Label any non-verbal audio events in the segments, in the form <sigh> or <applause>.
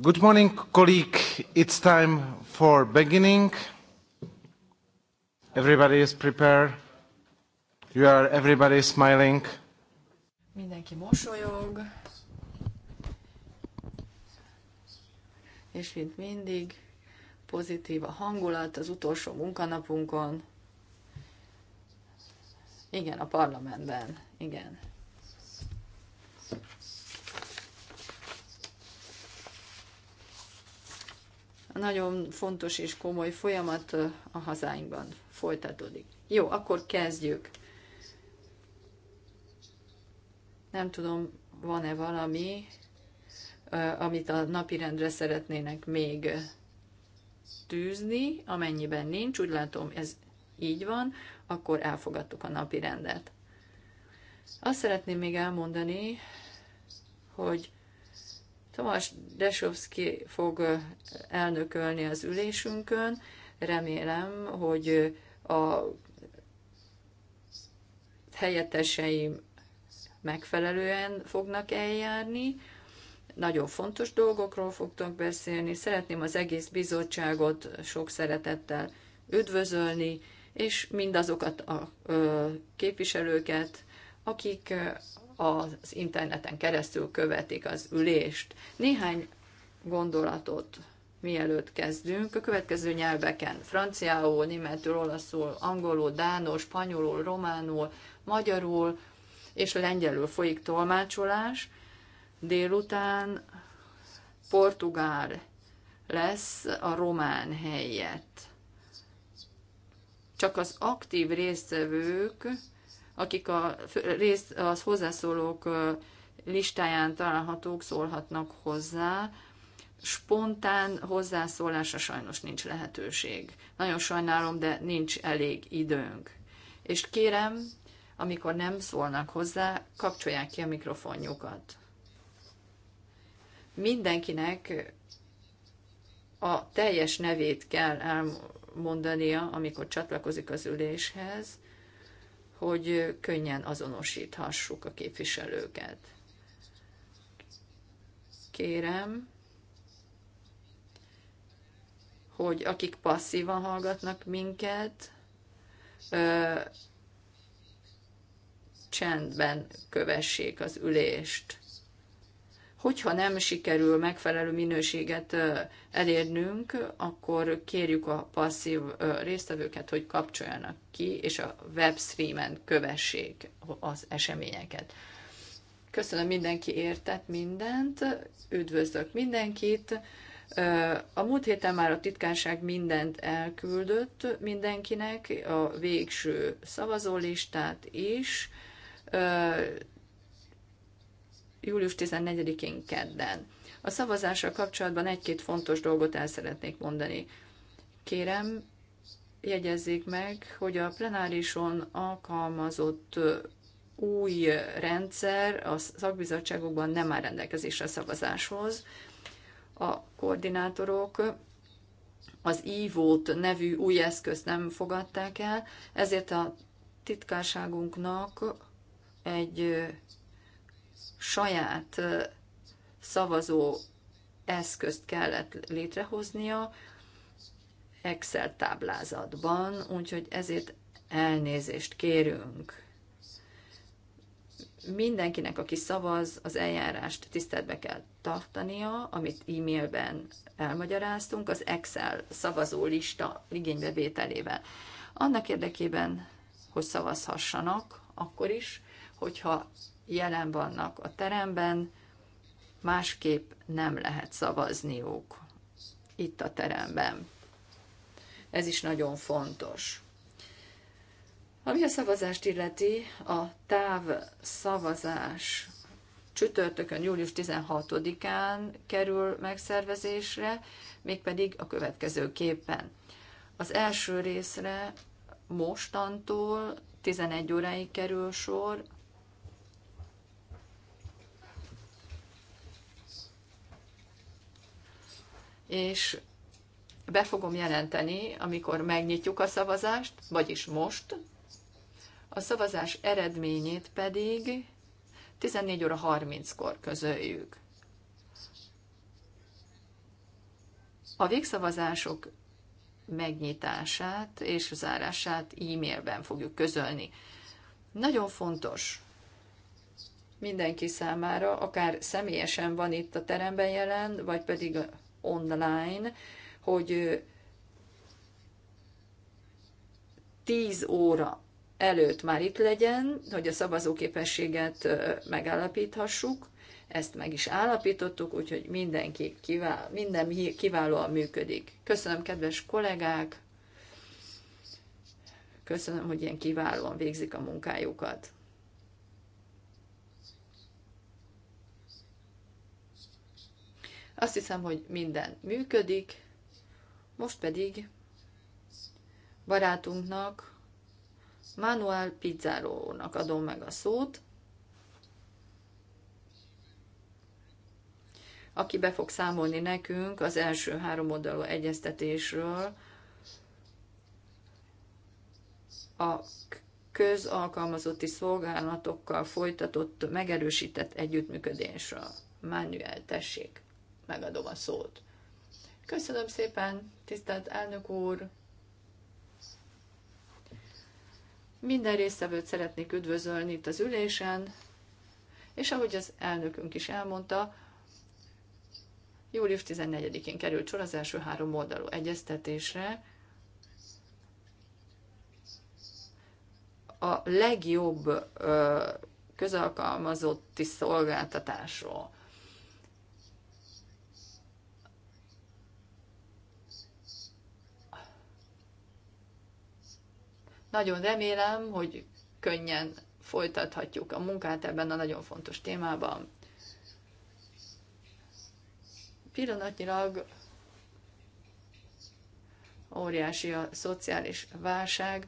Good morning, colleague. It's time for beginning. Everybody is prepared. You are everybody smiling. Mindenki mosolyog. És mint mindig, pozitív a hangulat az utolsó munkanapunkon. Igen, a parlamentben. Igen. Nagyon fontos és komoly folyamat a hazáinkban folytatódik. Jó, akkor kezdjük. Nem tudom, van-e valami, amit a napirendre szeretnének még tűzni, amennyiben nincs, úgy látom, ez így van, akkor elfogadtuk a napi rendet. Azt szeretném még elmondani, hogy Tomás Desovszki fog elnökölni az ülésünkön. Remélem, hogy a helyetteseim megfelelően fognak eljárni. Nagyon fontos dolgokról fogtok beszélni. Szeretném az egész bizottságot sok szeretettel üdvözölni, és mindazokat a képviselőket, akik az interneten keresztül követik az ülést. Néhány gondolatot mielőtt kezdünk. A következő nyelveken franciául, németül, olaszul, angolul, dánul, spanyolul, románul, magyarul és lengyelül folyik tolmácsolás. Délután portugál lesz a román helyett. Csak az aktív résztvevők akik a, rész, az hozzászólók listáján találhatók, szólhatnak hozzá. Spontán hozzászólásra sajnos nincs lehetőség. Nagyon sajnálom, de nincs elég időnk. És kérem, amikor nem szólnak hozzá, kapcsolják ki a mikrofonjukat. Mindenkinek a teljes nevét kell elmondania, amikor csatlakozik az üléshez, hogy könnyen azonosíthassuk a képviselőket. Kérem, hogy akik passzívan hallgatnak minket, csendben kövessék az ülést. Hogyha nem sikerül megfelelő minőséget elérnünk, akkor kérjük a passzív résztvevőket, hogy kapcsoljanak ki, és a webstreamen kövessék az eseményeket. Köszönöm, mindenki értett mindent, üdvözlök mindenkit. A múlt héten már a titkárság mindent elküldött mindenkinek, a végső szavazólistát is július 14-én kedden. A szavazással kapcsolatban egy-két fontos dolgot el szeretnék mondani. Kérem, jegyezzék meg, hogy a plenárison alkalmazott új rendszer a szakbizottságokban nem áll rendelkezésre a szavazáshoz. A koordinátorok az e nevű új eszközt nem fogadták el, ezért a titkárságunknak egy saját szavazó eszközt kellett létrehoznia Excel táblázatban, úgyhogy ezért elnézést kérünk. Mindenkinek, aki szavaz, az eljárást tiszteletbe kell tartania, amit e-mailben elmagyaráztunk, az Excel szavazó lista igénybevételével. Annak érdekében, hogy szavazhassanak, akkor is, hogyha jelen vannak a teremben, másképp nem lehet szavazniuk itt a teremben. Ez is nagyon fontos. Ami a szavazást illeti, a táv szavazás csütörtökön, július 16-án kerül megszervezésre, mégpedig a következő képen. Az első részre mostantól 11 óráig kerül sor, és be fogom jelenteni, amikor megnyitjuk a szavazást, vagyis most, a szavazás eredményét pedig 14 óra 30-kor közöljük. A végszavazások megnyitását és zárását e-mailben fogjuk közölni. Nagyon fontos mindenki számára, akár személyesen van itt a teremben jelen, vagy pedig online, hogy 10 óra előtt már itt legyen, hogy a szavazóképességet megállapíthassuk. Ezt meg is állapítottuk, úgyhogy mindenki kivál, minden kiválóan működik. Köszönöm, kedves kollégák! Köszönöm, hogy ilyen kiválóan végzik a munkájukat. Azt hiszem, hogy minden működik, most pedig barátunknak, Manuel Pizzarónak adom meg a szót, aki be fog számolni nekünk az első három oldalú egyeztetésről, a közalkalmazotti szolgálatokkal folytatott megerősített együttműködésről. Manuel, tessék! megadom a szót. Köszönöm szépen, tisztelt elnök úr! Minden résztvevőt szeretnék üdvözölni itt az ülésen, és ahogy az elnökünk is elmondta, július 14-én került sor az első három oldalú egyeztetésre, a legjobb közalkalmazotti szolgáltatásról. Nagyon remélem, hogy könnyen folytathatjuk a munkát ebben a nagyon fontos témában. Pillanatnyilag óriási a szociális válság,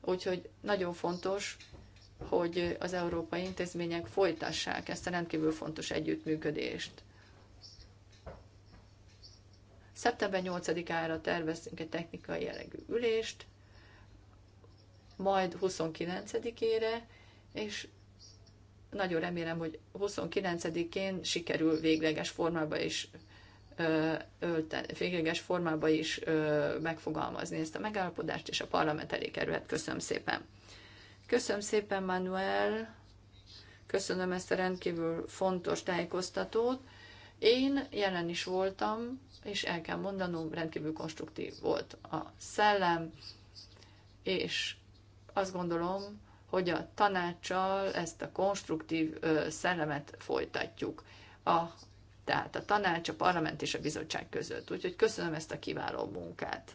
úgyhogy nagyon fontos, hogy az európai intézmények folytassák ezt a rendkívül fontos együttműködést. Szeptember 8-ára terveztünk egy technikai jellegű ülést, majd 29-ére, és nagyon remélem, hogy 29-én sikerül végleges formába is végleges formába is megfogalmazni ezt a megállapodást, és a parlament elé kerülhet. Köszönöm szépen. Köszönöm szépen, Manuel. Köszönöm ezt a rendkívül fontos tájékoztatót. Én jelen is voltam, és el kell mondanom, rendkívül konstruktív volt a szellem, és azt gondolom, hogy a tanácssal ezt a konstruktív szellemet folytatjuk. A, tehát a tanács, a parlament és a bizottság között. Úgyhogy köszönöm ezt a kiváló munkát.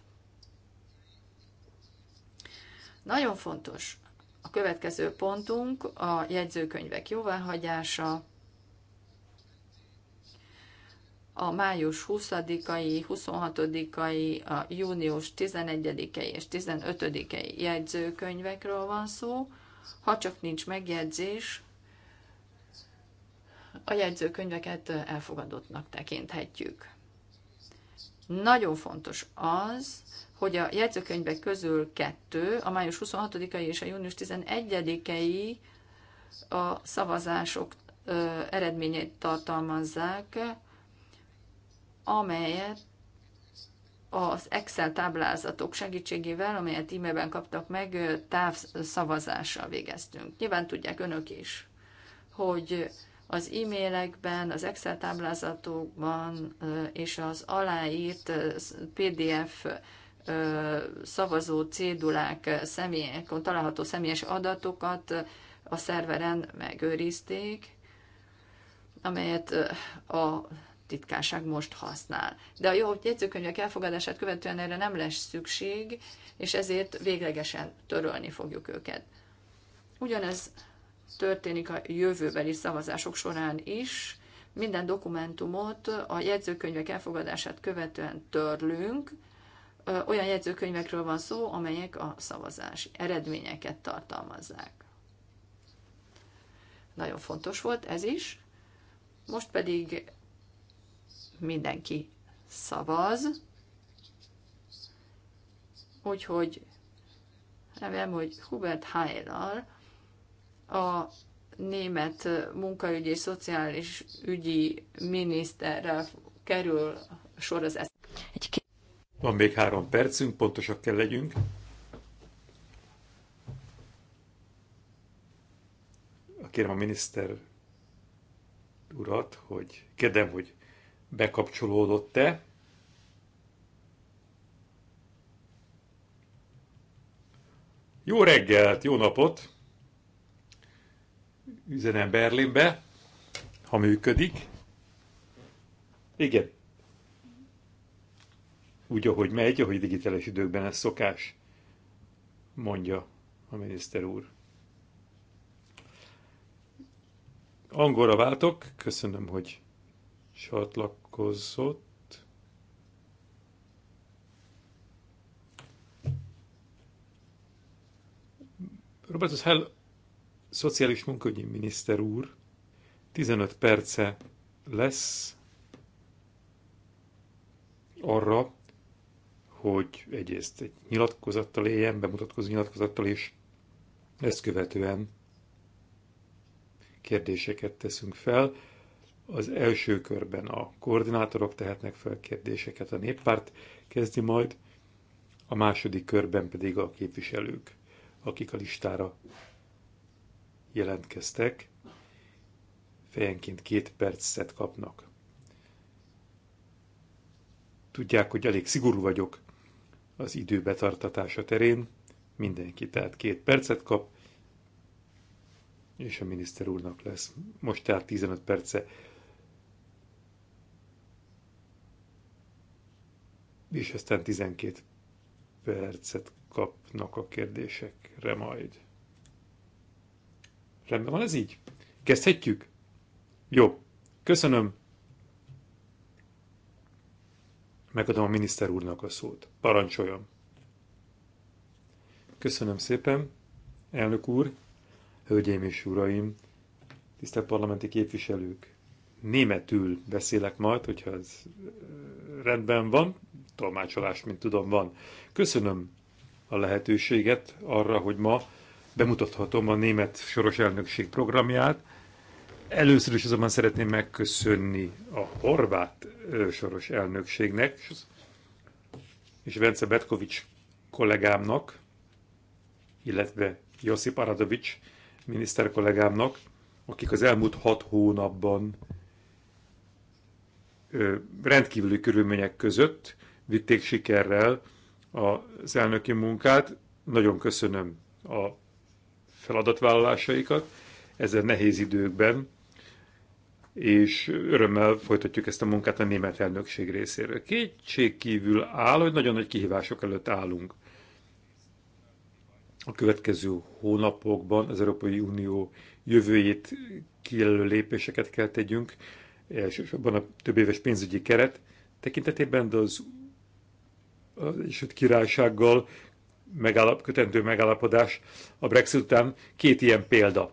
Nagyon fontos a következő pontunk a jegyzőkönyvek jóváhagyása a május 20-ai, 26-ai, a június 11-ei és 15-ei jegyzőkönyvekről van szó. Ha csak nincs megjegyzés, a jegyzőkönyveket elfogadottnak tekinthetjük. Nagyon fontos az, hogy a jegyzőkönyvek közül kettő, a május 26-ai és a június 11-ei a szavazások eredményeit tartalmazzák, amelyet az Excel táblázatok segítségével, amelyet e-mailben kaptak meg, távszavazással végeztünk. Nyilván tudják önök is, hogy az e-mailekben, az Excel táblázatokban és az aláírt PDF szavazó cédulák személyekon található személyes adatokat a szerveren megőrizték, amelyet a titkárság most használ. De a jó jegyzőkönyvek elfogadását követően erre nem lesz szükség, és ezért véglegesen törölni fogjuk őket. Ugyanez történik a jövőbeli szavazások során is. Minden dokumentumot a jegyzőkönyvek elfogadását követően törlünk. Olyan jegyzőkönyvekről van szó, amelyek a szavazási eredményeket tartalmazzák. Nagyon fontos volt ez is. Most pedig mindenki szavaz. Úgyhogy remélem, hogy Hubert Heilal a német munkaügyi és szociális ügyi miniszterrel kerül sor az eszembe. Van még három percünk, pontosak kell legyünk. Kérem a miniszter urat, hogy kérdem, hogy bekapcsolódott-e. Jó reggelt, jó napot! Üzenem Berlinbe, ha működik. Igen. Úgy, ahogy megy, ahogy digitális időkben ez szokás, mondja a miniszter úr. Angolra váltok, köszönöm, hogy csatlakozott. Robertus Hell, szociális munkahogyi miniszter úr, 15 perce lesz arra, hogy egyrészt egy nyilatkozattal éljen, bemutatkozó nyilatkozattal, és ezt követően kérdéseket teszünk fel. Az első körben a koordinátorok tehetnek fel kérdéseket, a néppárt kezdi majd, a második körben pedig a képviselők, akik a listára jelentkeztek, fejenként két percet kapnak. Tudják, hogy elég szigorú vagyok az idő betartatása terén, mindenki tehát két percet kap, és a miniszter úrnak lesz most tehát 15 perce és aztán 12 percet kapnak a kérdésekre majd. Rendben van ez így? Kezdhetjük? Jó, köszönöm. Megadom a miniszter úrnak a szót. Parancsoljon. Köszönöm szépen, elnök úr, hölgyeim és uraim, tisztelt parlamenti képviselők. Németül beszélek majd, hogyha ez rendben van, tolmácsolás, mint tudom, van. Köszönöm a lehetőséget arra, hogy ma bemutathatom a német soros elnökség programját. Először is azonban szeretném megköszönni a horvát soros elnökségnek és Vence Betkovics kollégámnak, illetve Josip Aradovics miniszter kollégámnak, akik az elmúlt hat hónapban rendkívüli körülmények között vitték sikerrel az elnöki munkát. Nagyon köszönöm a feladatvállalásaikat ezen nehéz időkben, és örömmel folytatjuk ezt a munkát a német elnökség részéről. Kétség kívül áll, hogy nagyon nagy kihívások előtt állunk. A következő hónapokban az Európai Unió jövőjét kijelölő lépéseket kell tegyünk, elsősorban a több éves pénzügyi keret tekintetében, de az az Egyesült Királysággal megállap, kötendő megállapodás a Brexit után két ilyen példa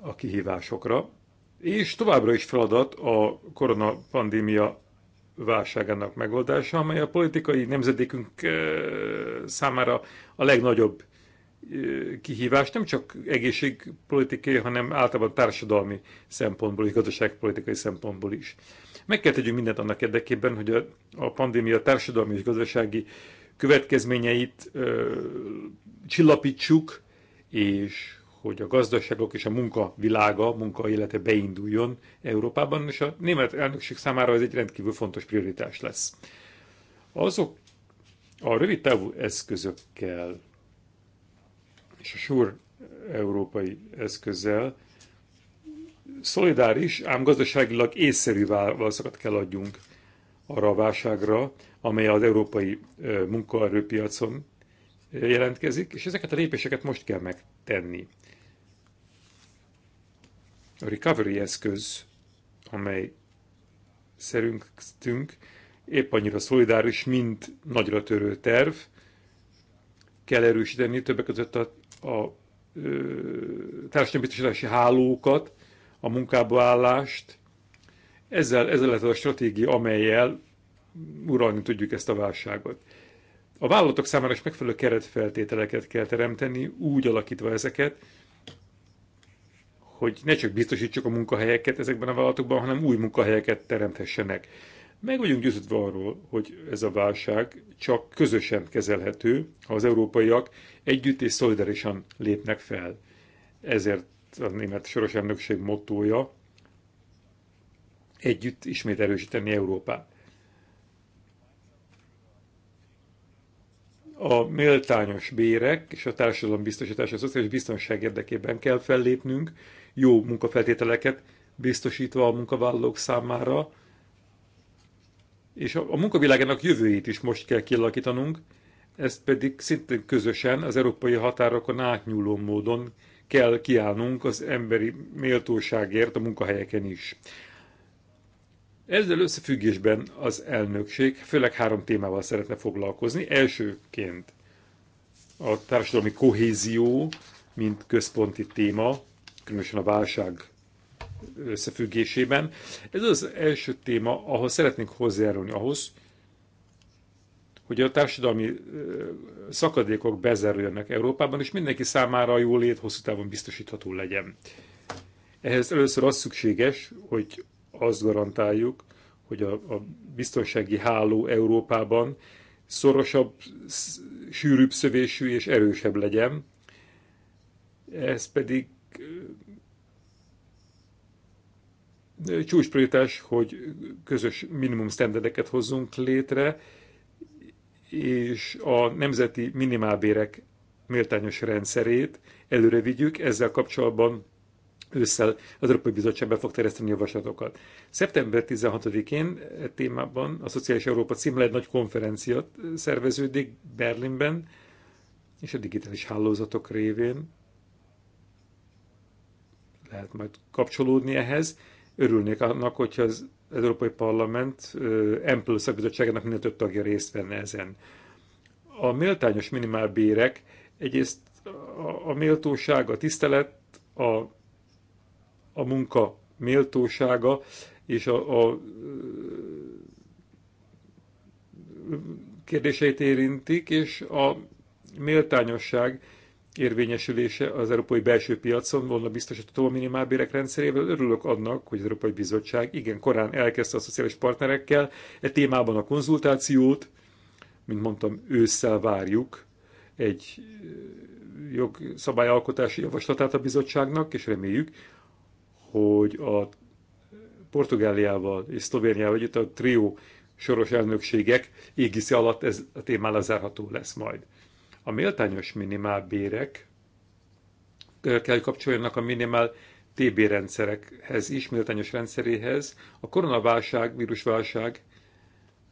a kihívásokra. És továbbra is feladat a koronapandémia válságának megoldása, amely a politikai nemzedékünk eh, számára a legnagyobb kihívás nem csak egészségpolitikai, hanem általában társadalmi szempontból és gazdaságpolitikai szempontból is. Meg kell tegyünk mindent annak érdekében, hogy a, a pandémia társadalmi és gazdasági következményeit ö, csillapítsuk, és hogy a gazdaságok és a munka világa, munka élete beinduljon Európában, és a német elnökség számára ez egy rendkívül fontos prioritás lesz. Azok a rövid távú eszközökkel, és a súr európai eszközzel szolidáris, ám gazdaságilag észszerű válaszokat kell adjunk arra a válságra, amely az európai munkaerőpiacon jelentkezik, és ezeket a lépéseket most kell megtenni. A recovery eszköz, amely szerintünk épp annyira szolidáris, mint nagyra törő terv, kell erősíteni többek között a a biztosítási hálókat, a munkába állást. Ezzel, ezzel lehet a stratégia, amelyel uralni tudjuk ezt a válságot. A vállalatok számára is megfelelő keretfeltételeket kell teremteni, úgy alakítva ezeket, hogy ne csak biztosítsuk a munkahelyeket ezekben a vállalatokban, hanem új munkahelyeket teremthessenek. Meg vagyunk győződve arról, hogy ez a válság csak közösen kezelhető, ha az európaiak együtt és szolidarisan lépnek fel. Ezért a német soros elnökség mottója együtt ismét erősíteni Európát. a méltányos bérek és a biztosítása, a szociális biztonság érdekében kell fellépnünk, jó munkafeltételeket biztosítva a munkavállalók számára, és a, a munkavilágának jövőjét is most kell kialakítanunk, ezt pedig szintén közösen az európai határokon átnyúló módon kell kiállnunk az emberi méltóságért a munkahelyeken is. Ezzel összefüggésben az elnökség főleg három témával szeretne foglalkozni. Elsőként a társadalmi kohézió, mint központi téma, különösen a válság összefüggésében. Ez az első téma, ahol szeretnénk hozzájárulni ahhoz, hogy a társadalmi szakadékok bezerüljenek Európában, és mindenki számára a jólét hosszú távon biztosítható legyen. Ehhez először az szükséges, hogy azt garantáljuk, hogy a, a biztonsági háló Európában szorosabb, sűrűbb szövésű és erősebb legyen. Ez pedig csúcsprioritás, hogy közös minimum standardeket hozzunk létre, és a nemzeti minimálbérek méltányos rendszerét előre vigyük, ezzel kapcsolatban ősszel az Európai Bizottság be fog terjeszteni javaslatokat. Szeptember 16-én e témában a Szociális Európa címmel egy nagy konferencia szerveződik Berlinben, és a digitális hálózatok révén lehet majd kapcsolódni ehhez. Örülnék annak, hogyha az Európai Parlament Ample szakbizottságának minden több tagja részt venne ezen. A méltányos minimálbérek egyrészt a méltóság, a tisztelet, a, a munka méltósága és a, a kérdéseit érintik, és a méltányosság érvényesülése az európai belső piacon volna biztosítható a minimálbérek rendszerével. Örülök annak, hogy az Európai Bizottság igen korán elkezdte a szociális partnerekkel e témában a konzultációt. Mint mondtam, ősszel várjuk egy jogszabályalkotási javaslatát a bizottságnak, és reméljük, hogy a Portugáliával és Szlovéniával együtt a trió soros elnökségek égisze alatt ez a témá lezárható lesz majd. A méltányos minimálbérek kell kapcsoljanak a minimál TB rendszerekhez is, méltányos rendszeréhez. A koronaválság, vírusválság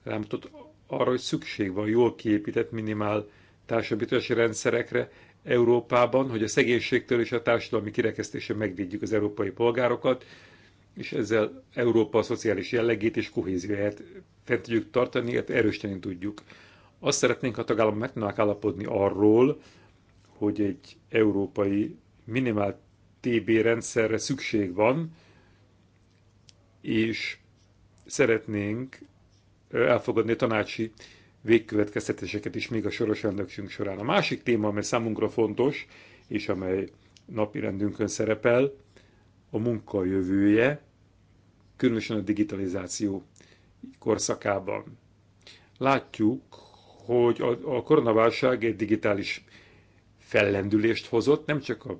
rámutott arra, hogy szükség van jól kiépített minimál társadalmi rendszerekre Európában, hogy a szegénységtől és a társadalmi kirekesztésre megvédjük az európai polgárokat, és ezzel Európa szociális jellegét és kohézióját fent tudjuk tartani, hát erősíteni tudjuk. Azt szeretnénk, ha a tagállamok meg tudnak állapodni arról, hogy egy európai minimál TB rendszerre szükség van, és szeretnénk elfogadni a tanácsi végkövetkeztetéseket is még a soros elnöksünk során. A másik téma, amely számunkra fontos, és amely napi rendünkön szerepel, a munka jövője, különösen a digitalizáció korszakában. Látjuk, hogy a, a koronaválság egy digitális fellendülést hozott, nem csak a,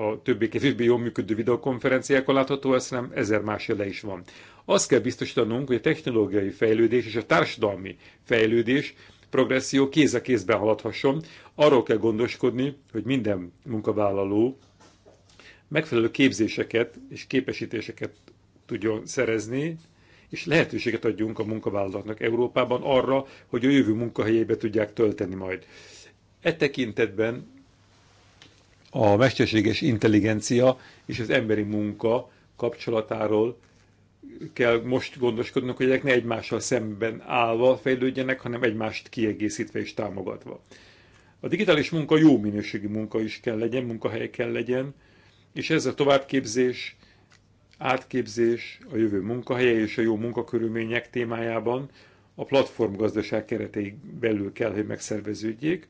a többé kevésbé jól működő videokonferenciákon látható ez, hanem ezer más jele is van. Azt kell biztosítanunk, hogy a technológiai fejlődés és a társadalmi fejlődés progresszió kéz a kézben haladhasson. Arról kell gondoskodni, hogy minden munkavállaló megfelelő képzéseket és képesítéseket tudjon szerezni, és lehetőséget adjunk a munkavállalatnak Európában arra, hogy a jövő munkahelyébe tudják tölteni majd. E tekintetben a mesterséges intelligencia és az emberi munka kapcsolatáról kell most gondoskodnunk, hogy ezek ne egymással szemben állva fejlődjenek, hanem egymást kiegészítve és támogatva. A digitális munka jó minőségi munka is kell legyen, munkahely kell legyen, és ez a továbbképzés, átképzés, a jövő munkahelye és a jó munkakörülmények témájában a platformgazdaság keretei belül kell, hogy megszerveződjék.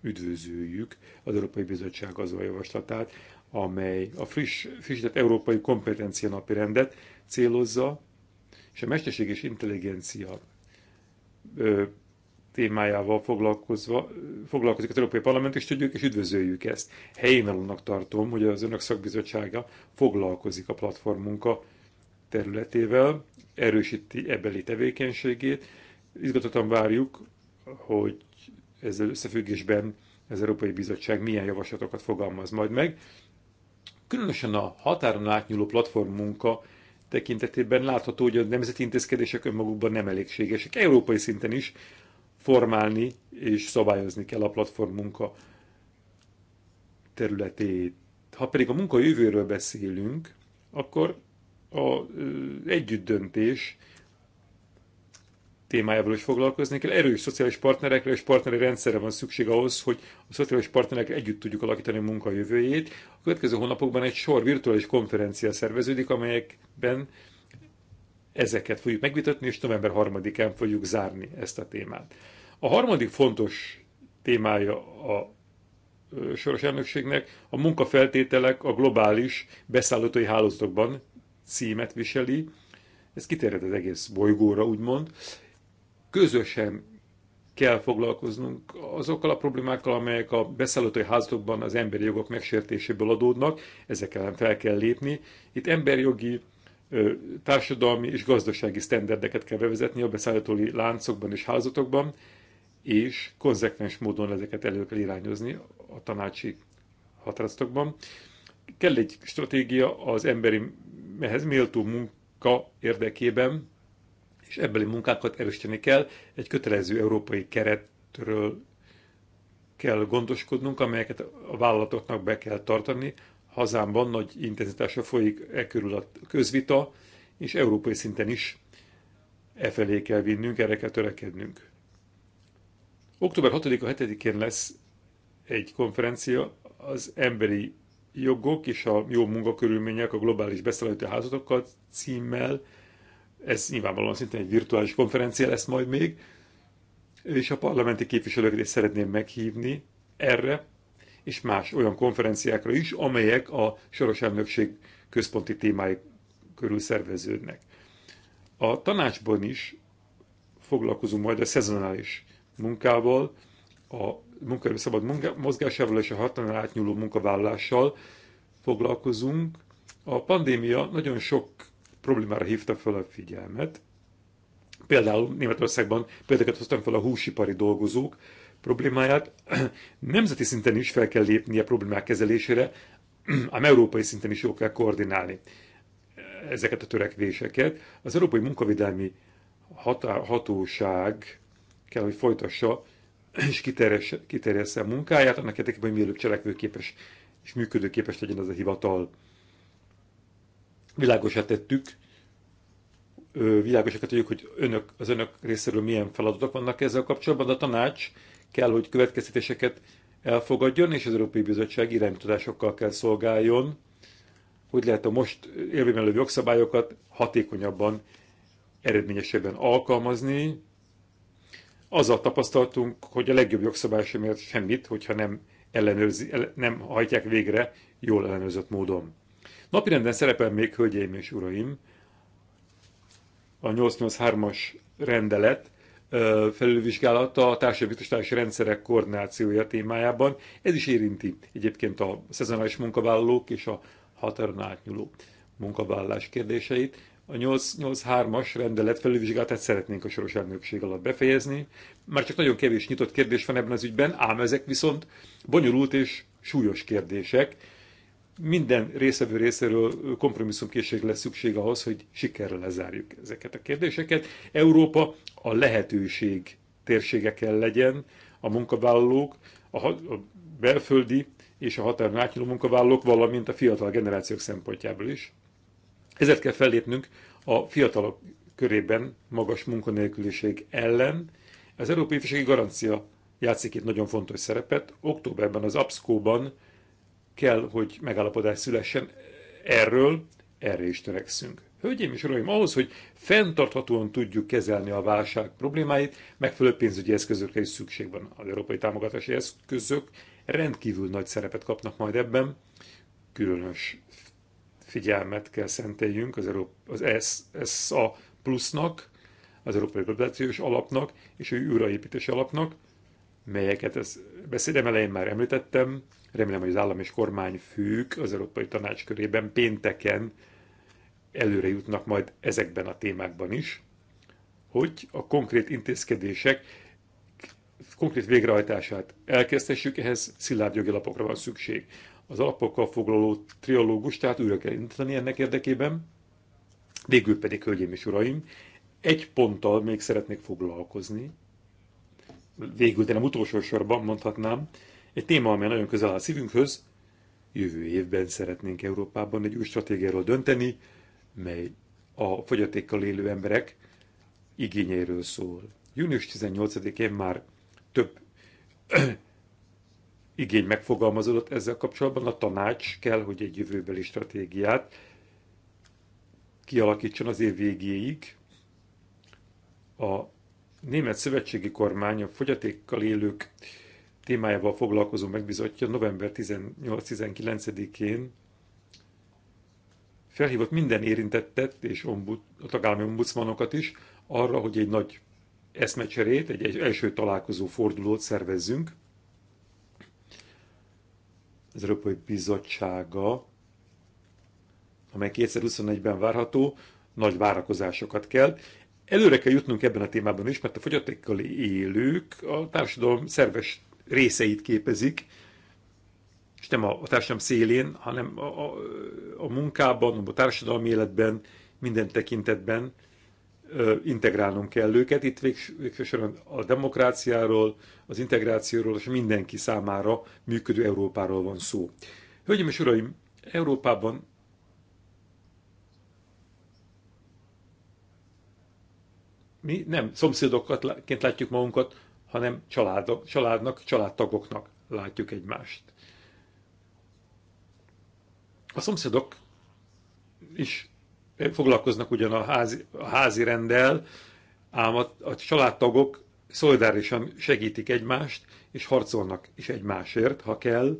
Üdvözöljük az Európai Bizottság azon javaslatát, amely a friss, frissített európai kompetencia napi rendet célozza, és a mesterség és intelligencia témájával foglalkozva, foglalkozik az Európai Parlament, és tudjuk, és üdvözöljük ezt. alunknak tartom, hogy az Önök szakbizottsága foglalkozik a platform munka területével, erősíti ebeli tevékenységét. Izgatottan várjuk, hogy ezzel összefüggésben az Európai Bizottság milyen javaslatokat fogalmaz majd meg. Különösen a határon átnyúló platform munka tekintetében látható, hogy a nemzeti intézkedések önmagukban nem elégségesek. Európai szinten is formálni és szabályozni kell a platform munka területét. Ha pedig a munka jövőről beszélünk, akkor az döntés témájával is foglalkozni kell. Erős szociális partnerekre és partneri rendszerre van szükség ahhoz, hogy a szociális partnerek együtt tudjuk alakítani a munka jövőjét. A következő hónapokban egy sor virtuális konferencia szerveződik, amelyekben ezeket fogjuk megvitatni, és november 3-án fogjuk zárni ezt a témát. A harmadik fontos témája a soros elnökségnek a munkafeltételek a globális beszállítói hálózatokban címet viseli, ez kiterjed az egész bolygóra, úgymond. Közösen kell foglalkoznunk azokkal a problémákkal, amelyek a beszállítói házatokban az emberi jogok megsértéséből adódnak, ezek ellen fel kell lépni. Itt emberjogi, társadalmi és gazdasági sztenderdeket kell bevezetni a beszállítói láncokban és házatokban, és konzekvens módon ezeket elő kell irányozni a tanácsi határozatokban. Kell egy stratégia az emberi, mehez méltó munka érdekében, és ebbeli munkákat erősíteni kell. Egy kötelező európai keretről kell gondoskodnunk, amelyeket a vállalatoknak be kell tartani. Hazámban nagy intenzitásra folyik e körül a közvita, és európai szinten is e felé kell vinnünk, erre kell törekednünk. Október 6-a 7-én lesz egy konferencia az emberi jogok és a jó munkakörülmények a globális beszállítói házatokkal címmel. Ez nyilvánvalóan szintén egy virtuális konferencia lesz majd még, és a parlamenti képviselőket is szeretném meghívni erre, és más olyan konferenciákra is, amelyek a soros elnökség központi témái körül szerveződnek. A tanácsban is foglalkozunk majd a szezonális munkával, a munkaerő szabad mozgásával és a határon átnyúló munkavállalással foglalkozunk. A pandémia nagyon sok problémára hívta fel a figyelmet. Például Németországban példákat hoztam fel a húsipari dolgozók problémáját. <clears throat> Nemzeti szinten is fel kell lépnie problémák kezelésére, <clears throat> ám európai szinten is jó kell koordinálni ezeket a törekvéseket. Az Európai Munkavédelmi Hatóság kell, hogy folytassa és kiterjessze a munkáját, annak érdekében, hogy mielőbb cselekvőképes és működőképes legyen ez a hivatal. Világosá tettük, világosá tettük, hogy önök, az önök részéről milyen feladatok vannak ezzel kapcsolatban, de a tanács kell, hogy következtetéseket elfogadjon, és az Európai Bizottság iránytudásokkal kell szolgáljon, hogy lehet a most érvényben jogszabályokat hatékonyabban, eredményesebben alkalmazni, azzal tapasztaltunk, hogy a legjobb jogszabály sem ért semmit, hogyha nem, ellenőrzi, nem hajtják végre jól ellenőrzött módon. Napirenden szerepel még, hölgyeim és uraim, a 883-as rendelet felülvizsgálata a társadalmi rendszerek koordinációja témájában. Ez is érinti egyébként a szezonális munkavállalók és a határon átnyúló munkavállalás kérdéseit a 883-as rendelet felülvizsgálatát szeretnénk a soros elnökség alatt befejezni. Már csak nagyon kevés nyitott kérdés van ebben az ügyben, ám ezek viszont bonyolult és súlyos kérdések. Minden részevő részéről kompromisszumkészség lesz szükség ahhoz, hogy sikerrel lezárjuk ezeket a kérdéseket. Európa a lehetőség térsége kell legyen, a munkavállalók, a, a belföldi és a határon átnyúló munkavállalók, valamint a fiatal generációk szempontjából is. Ezért kell fellépnünk a fiatalok körében magas munkanélküliség ellen. Az Európai Ifjúsági Garancia játszik itt nagyon fontos szerepet. Októberben az APSZKÓ-ban kell, hogy megállapodás szülessen erről, erre is törekszünk. Hölgyeim és uraim, ahhoz, hogy fenntarthatóan tudjuk kezelni a válság problémáit, megfelelő pénzügyi eszközökre is szükség van. Az európai támogatási eszközök rendkívül nagy szerepet kapnak majd ebben, különös figyelmet kell szenteljünk az, az SA plusznak, az Európai Globalizációs Alapnak és a újraépítés alapnak, melyeket ez beszédem elején már említettem, remélem, hogy az állam és kormány fők az Európai Tanács körében pénteken előre jutnak majd ezekben a témákban is, hogy a konkrét intézkedések konkrét végrehajtását elkezdhessük, ehhez szilárd jogi lapokra van szükség az alapokkal foglaló trialógus, tehát újra kell indítani ennek érdekében. Végül pedig, hölgyeim és uraim, egy ponttal még szeretnék foglalkozni. Végül, de nem utolsó sorban mondhatnám, egy téma, amely nagyon közel áll a szívünkhöz. Jövő évben szeretnénk Európában egy új stratégiáról dönteni, mely a fogyatékkal élő emberek igényeiről szól. Június 18-én már több igény megfogalmazódott ezzel kapcsolatban, a tanács kell, hogy egy jövőbeli stratégiát kialakítson az év végéig. A német szövetségi kormány a fogyatékkal élők témájával foglalkozó megbizotja november 18-19-én felhívott minden érintettet és ombud, a tagállami ombudsmanokat is arra, hogy egy nagy eszmecserét, egy, egy első találkozó fordulót szervezzünk, az Európai Bizottsága, amely 2021-ben várható, nagy várakozásokat kell. Előre kell jutnunk ebben a témában is, mert a fogyatékkal élők a társadalom szerves részeit képezik, és nem a, a társadalom szélén, hanem a, a, a munkában, a társadalmi életben, minden tekintetben integrálnunk kell őket. Itt végsősorban a demokráciáról, az integrációról és mindenki számára működő Európáról van szó. Hölgyeim és Uraim, Európában mi nem szomszédokként látjuk magunkat, hanem családok, családnak, családtagoknak látjuk egymást. A szomszédok is foglalkoznak ugyan a házi, a házi rendel, ám a, a családtagok szolidárisan segítik egymást, és harcolnak is egymásért, ha kell,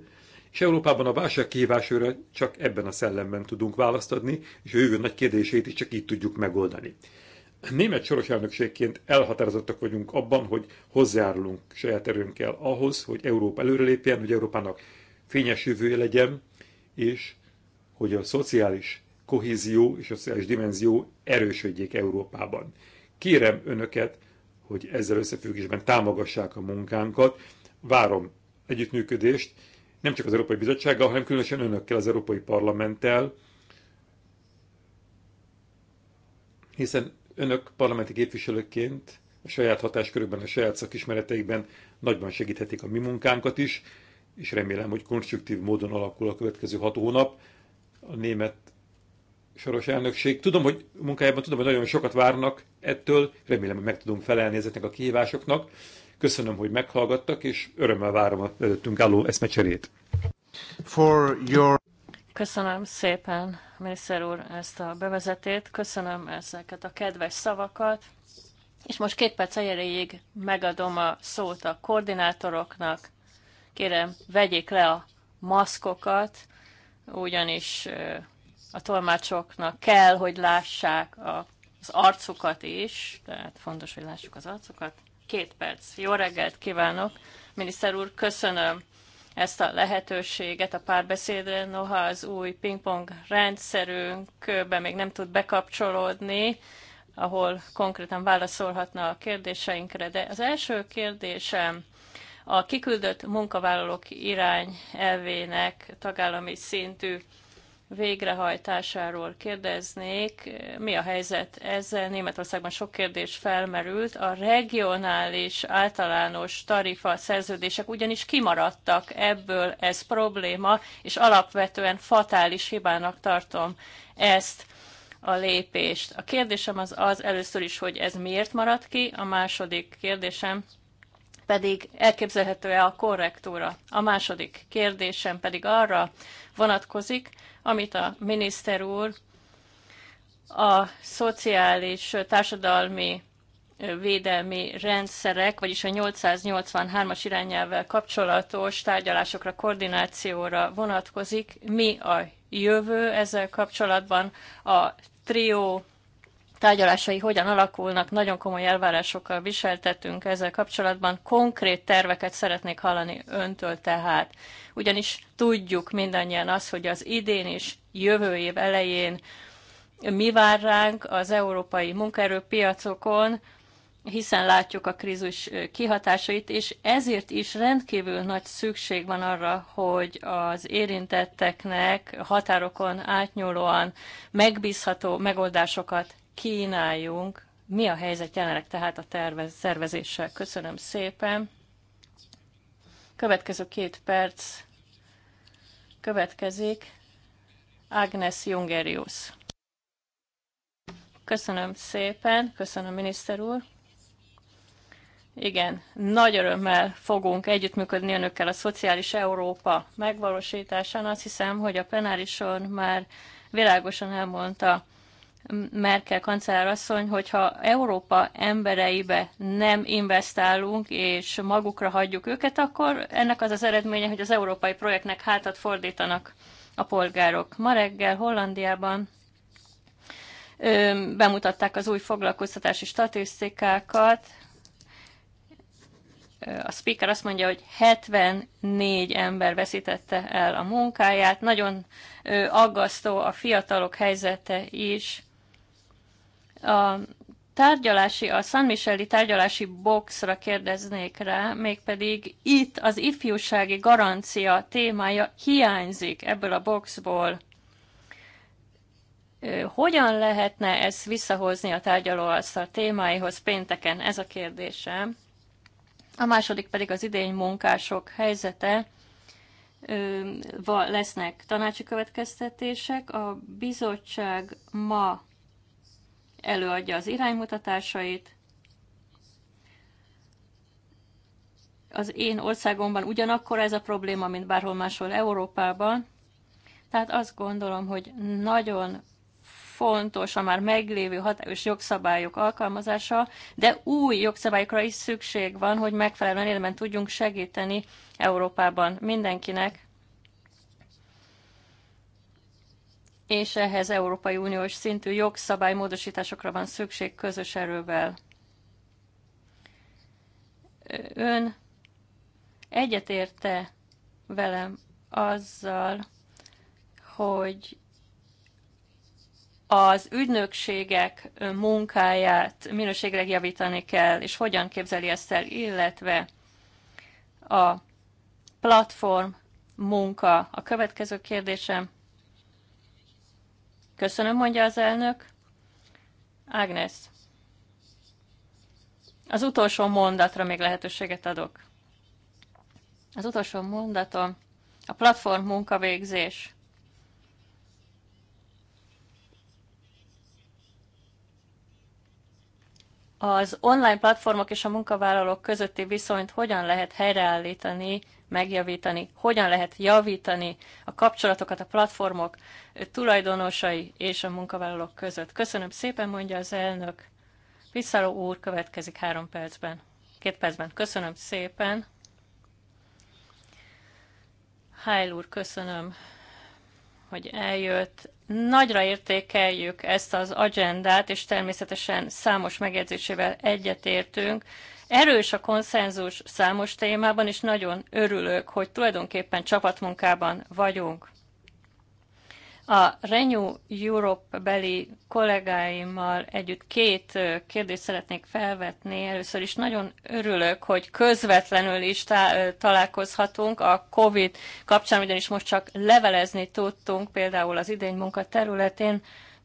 és Európában a válság kihívásőre csak ebben a szellemben tudunk választ adni, és a jövő nagy kérdését is csak így tudjuk megoldani. Német soros elnökségként elhatározottak vagyunk abban, hogy hozzájárulunk saját erőnkkel ahhoz, hogy Európa előrelépjen, hogy Európának fényes jövője legyen, és hogy a szociális kohézió és a szociális dimenzió erősödjék Európában. Kérem önöket, hogy ezzel összefüggésben támogassák a munkánkat. Várom együttműködést, nem csak az Európai Bizottsággal, hanem különösen önökkel, az Európai Parlamenttel, hiszen önök parlamenti képviselőként a saját hatáskörükben, a saját szakismereteikben nagyban segíthetik a mi munkánkat is, és remélem, hogy konstruktív módon alakul a következő hat hónap. A német soros elnökség. Tudom, hogy munkájában tudom, hogy nagyon sokat várnak ettől, remélem, hogy meg tudunk felelni ezeknek a kihívásoknak. Köszönöm, hogy meghallgattak, és örömmel várom a előttünk álló eszmecserét. For your... Köszönöm szépen, miniszter úr, ezt a bevezetét, köszönöm ezeket a kedves szavakat, és most két perc erejéig megadom a szót a koordinátoroknak. Kérem, vegyék le a maszkokat, ugyanis a tolmácsoknak kell, hogy lássák a, az arcukat is, tehát fontos, hogy lássuk az arcukat. Két perc. Jó reggelt kívánok! Miniszter úr, köszönöm ezt a lehetőséget a párbeszédre, noha az új pingpong rendszerünkbe még nem tud bekapcsolódni, ahol konkrétan válaszolhatna a kérdéseinkre. De az első kérdésem a kiküldött munkavállalók irány elvének tagállami szintű végrehajtásáról kérdeznék. Mi a helyzet ezzel? Németországban sok kérdés felmerült. A regionális általános tarifa szerződések ugyanis kimaradtak ebből, ez probléma, és alapvetően fatális hibának tartom ezt a lépést. A kérdésem az az először is, hogy ez miért maradt ki, a második kérdésem pedig elképzelhető-e a korrektúra. A második kérdésem pedig arra vonatkozik, amit a miniszter úr a szociális társadalmi védelmi rendszerek, vagyis a 883-as irányelvvel kapcsolatos tárgyalásokra, koordinációra vonatkozik. Mi a jövő ezzel kapcsolatban? A trió tárgyalásai hogyan alakulnak, nagyon komoly elvárásokkal viseltetünk ezzel kapcsolatban. Konkrét terveket szeretnék hallani öntől tehát, ugyanis tudjuk mindannyian azt, hogy az idén és jövő év elején mi vár ránk az európai munkaerőpiacokon, hiszen látjuk a krízis kihatásait, és ezért is rendkívül nagy szükség van arra, hogy az érintetteknek határokon átnyúlóan megbízható megoldásokat kínáljunk. Mi a helyzet jelenleg tehát a tervez, szervezéssel? Köszönöm szépen. Következő két perc következik. Agnes Jungerius. Köszönöm szépen, köszönöm miniszter úr. Igen, nagy örömmel fogunk együttműködni önökkel a Szociális Európa megvalósításán. Azt hiszem, hogy a plenárison már világosan elmondta Merkel kancellárasszony, hogyha Európa embereibe nem investálunk, és magukra hagyjuk őket, akkor ennek az az eredménye, hogy az európai projektnek hátat fordítanak a polgárok. Ma reggel Hollandiában bemutatták az új foglalkoztatási statisztikákat. A speaker azt mondja, hogy 74 ember veszítette el a munkáját. Nagyon aggasztó a fiatalok helyzete is. A tárgyalási, a San Micheli tárgyalási boxra kérdeznék rá, mégpedig itt az ifjúsági garancia témája hiányzik ebből a boxból. Hogyan lehetne ezt visszahozni a tárgyalóasztal témáihoz pénteken? Ez a kérdésem. A második pedig az idény munkások helyzete. Lesznek tanácsi következtetések. A bizottság ma előadja az iránymutatásait. Az én országomban ugyanakkor ez a probléma, mint bárhol máshol Európában. Tehát azt gondolom, hogy nagyon fontos a már meglévő hatályos jogszabályok alkalmazása, de új jogszabályokra is szükség van, hogy megfelelően élben tudjunk segíteni Európában mindenkinek, és ehhez Európai Uniós szintű jogszabálymódosításokra van szükség közös erővel. Ön egyetérte velem azzal, hogy az ügynökségek munkáját minőségre javítani kell, és hogyan képzeli ezt el, illetve a platform munka. A következő kérdésem, Köszönöm, mondja az elnök. Ágnes, az utolsó mondatra még lehetőséget adok. Az utolsó mondatom a platform munkavégzés az online platformok és a munkavállalók közötti viszonyt hogyan lehet helyreállítani, megjavítani, hogyan lehet javítani a kapcsolatokat a platformok tulajdonosai és a munkavállalók között. Köszönöm szépen, mondja az elnök. Visszaló úr következik három percben. Két percben. Köszönöm szépen. Hájl úr, köszönöm, hogy eljött. Nagyra értékeljük ezt az agendát, és természetesen számos megjegyzésével egyetértünk. Erős a konszenzus számos témában, és nagyon örülök, hogy tulajdonképpen csapatmunkában vagyunk. A Renew Europe beli kollégáimmal együtt két kérdést szeretnék felvetni. Először is nagyon örülök, hogy közvetlenül is tá- találkozhatunk a COVID kapcsán, ugyanis most csak levelezni tudtunk, például az idény munka területén.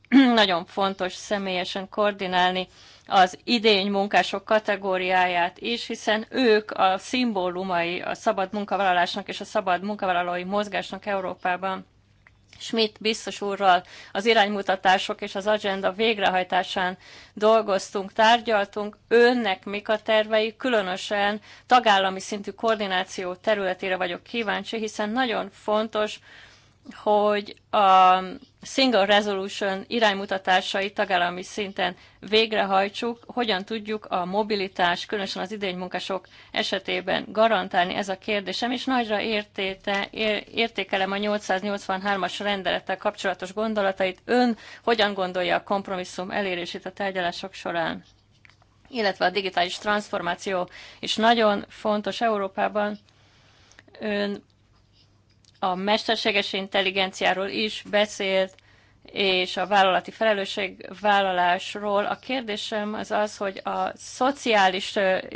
<clears throat> nagyon fontos személyesen koordinálni az idény munkások kategóriáját is, hiszen ők a szimbólumai a szabad munkavállalásnak és a szabad munkavállalói mozgásnak Európában Schmidt biztos úrral az iránymutatások és az agenda végrehajtásán dolgoztunk, tárgyaltunk. Önnek mik a tervei? Különösen tagállami szintű koordináció területére vagyok kíváncsi, hiszen nagyon fontos, hogy a Single Resolution iránymutatásai tagállami szinten végrehajtsuk, hogyan tudjuk a mobilitás, különösen az idénymunkások esetében garantálni ez a kérdésem, és nagyra értéte, értékelem a 883-as rendelettel kapcsolatos gondolatait. Ön hogyan gondolja a kompromisszum elérését a tárgyalások során? illetve a digitális transformáció is nagyon fontos Európában. Ön a mesterséges intelligenciáról is beszélt, és a vállalati felelősségvállalásról. A kérdésem az az, hogy a szociális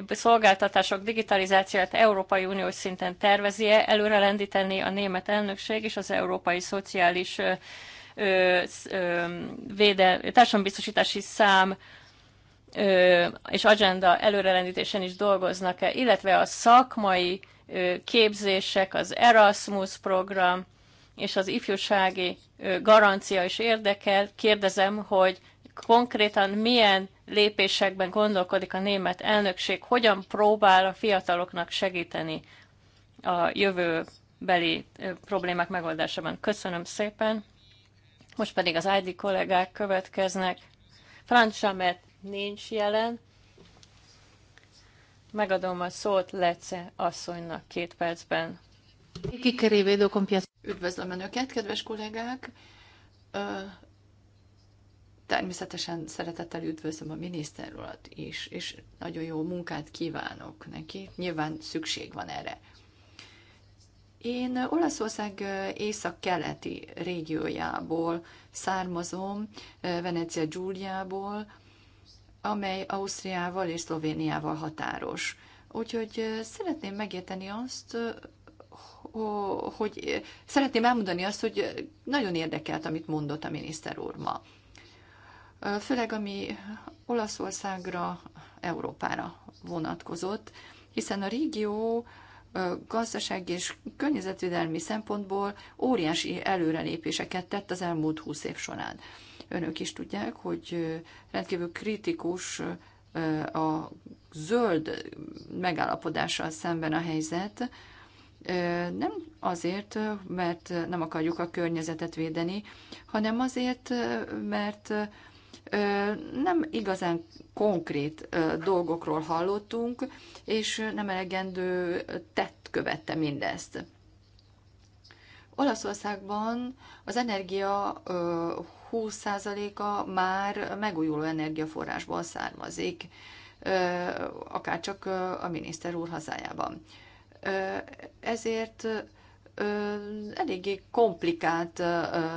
szolgáltatások digitalizációját Európai Uniós szinten tervezi-e előre lendíteni a német elnökség és az Európai Szociális ö, ö, védel, társadalombiztosítási szám ö, és agenda előrelendítésen is dolgoznak-e, illetve a szakmai képzések, az Erasmus program és az ifjúsági garancia is érdekel. Kérdezem, hogy konkrétan milyen lépésekben gondolkodik a német elnökség, hogyan próbál a fiataloknak segíteni a jövőbeli problémák megoldásában. Köszönöm szépen. Most pedig az ID kollégák következnek. Franz Samet nincs jelen, Megadom a szót Lece asszonynak két percben. Üdvözlöm Önöket, kedves kollégák! Természetesen szeretettel üdvözlöm a miniszter urat is, és nagyon jó munkát kívánok neki. Nyilván szükség van erre. Én Olaszország észak-keleti régiójából származom, Venecia Giuliából, amely Ausztriával és Szlovéniával határos. Úgyhogy szeretném megérteni azt, hogy szeretném elmondani azt, hogy nagyon érdekelt, amit mondott a miniszter úr ma. Főleg ami Olaszországra, Európára vonatkozott, hiszen a régió gazdasági és környezetvédelmi szempontból óriási előrelépéseket tett az elmúlt húsz év során. Önök is tudják, hogy rendkívül kritikus a zöld megállapodással szemben a helyzet, nem azért, mert nem akarjuk a környezetet védeni, hanem azért, mert nem igazán konkrét dolgokról hallottunk, és nem elegendő tett követte mindezt. Olaszországban az energia 20%-a már megújuló energiaforrásból származik, akárcsak a miniszter úr hazájában. Ezért eléggé komplikált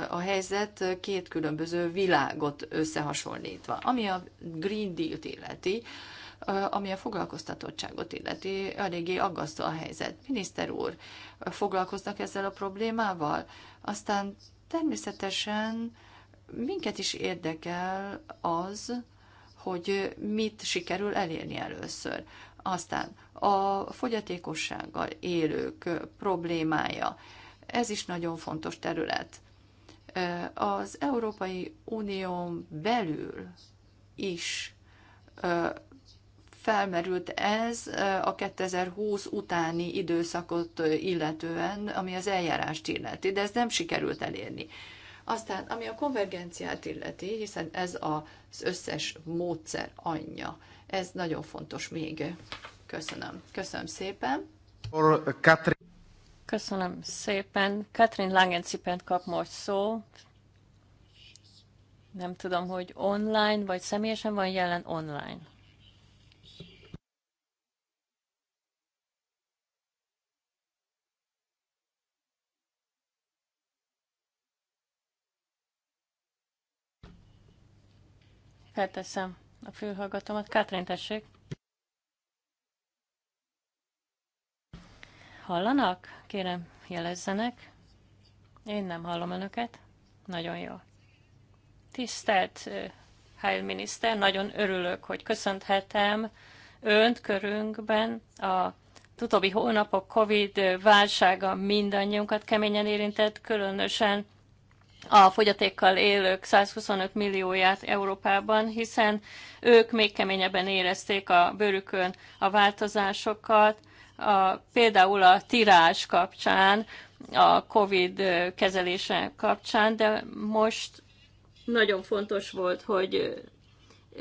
a helyzet két különböző világot összehasonlítva. Ami a Green Deal-t illeti, ami a foglalkoztatottságot illeti, eléggé aggasztó a helyzet. Miniszter úr, foglalkoznak ezzel a problémával? Aztán természetesen minket is érdekel az, hogy mit sikerül elérni először. Aztán a fogyatékossággal élők problémája. Ez is nagyon fontos terület. Az Európai Unión belül is felmerült ez a 2020 utáni időszakot illetően, ami az eljárást illeti, de ez nem sikerült elérni. Aztán, ami a konvergenciát illeti, hiszen ez az összes módszer anyja. Ez nagyon fontos még. Köszönöm. Köszönöm szépen. Uh, Köszönöm szépen. Katrin Langencipent kap most szó. Nem tudom, hogy online vagy személyesen van jelen online. Felteszem a fülhallgatómat. Katrin, tessék! Hallanak? Kérem, jelezzenek. Én nem hallom önöket. Nagyon jó. Tisztelt helyminiszter, nagyon örülök, hogy köszönhetem önt körünkben a utóbbi hónapok Covid válsága mindannyiunkat keményen érintett, különösen a fogyatékkal élők 125 millióját Európában, hiszen ők még keményebben érezték a bőrükön a változásokat, a, például a tirás kapcsán, a COVID kezelése kapcsán, de most nagyon fontos volt, hogy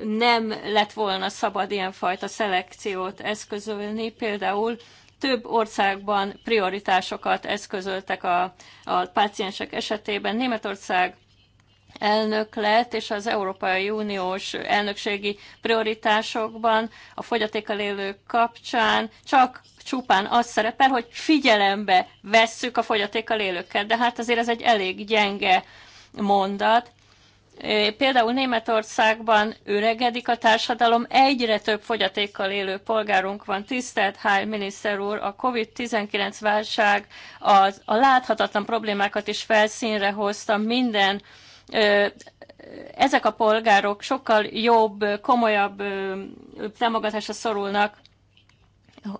nem lett volna szabad ilyenfajta szelekciót eszközölni, például több országban prioritásokat eszközöltek a, a páciensek esetében. Németország elnök lett, és az Európai Uniós elnökségi prioritásokban a fogyatékkal élők kapcsán csak csupán az szerepel, hogy figyelembe vesszük a fogyatékkal élőket, de hát azért ez egy elég gyenge mondat. Például Németországban öregedik a társadalom, egyre több fogyatékkal élő polgárunk van. Tisztelt Háj miniszter úr, a COVID-19 válság az, a láthatatlan problémákat is felszínre hozta minden ezek a polgárok sokkal jobb, komolyabb támogatásra szorulnak.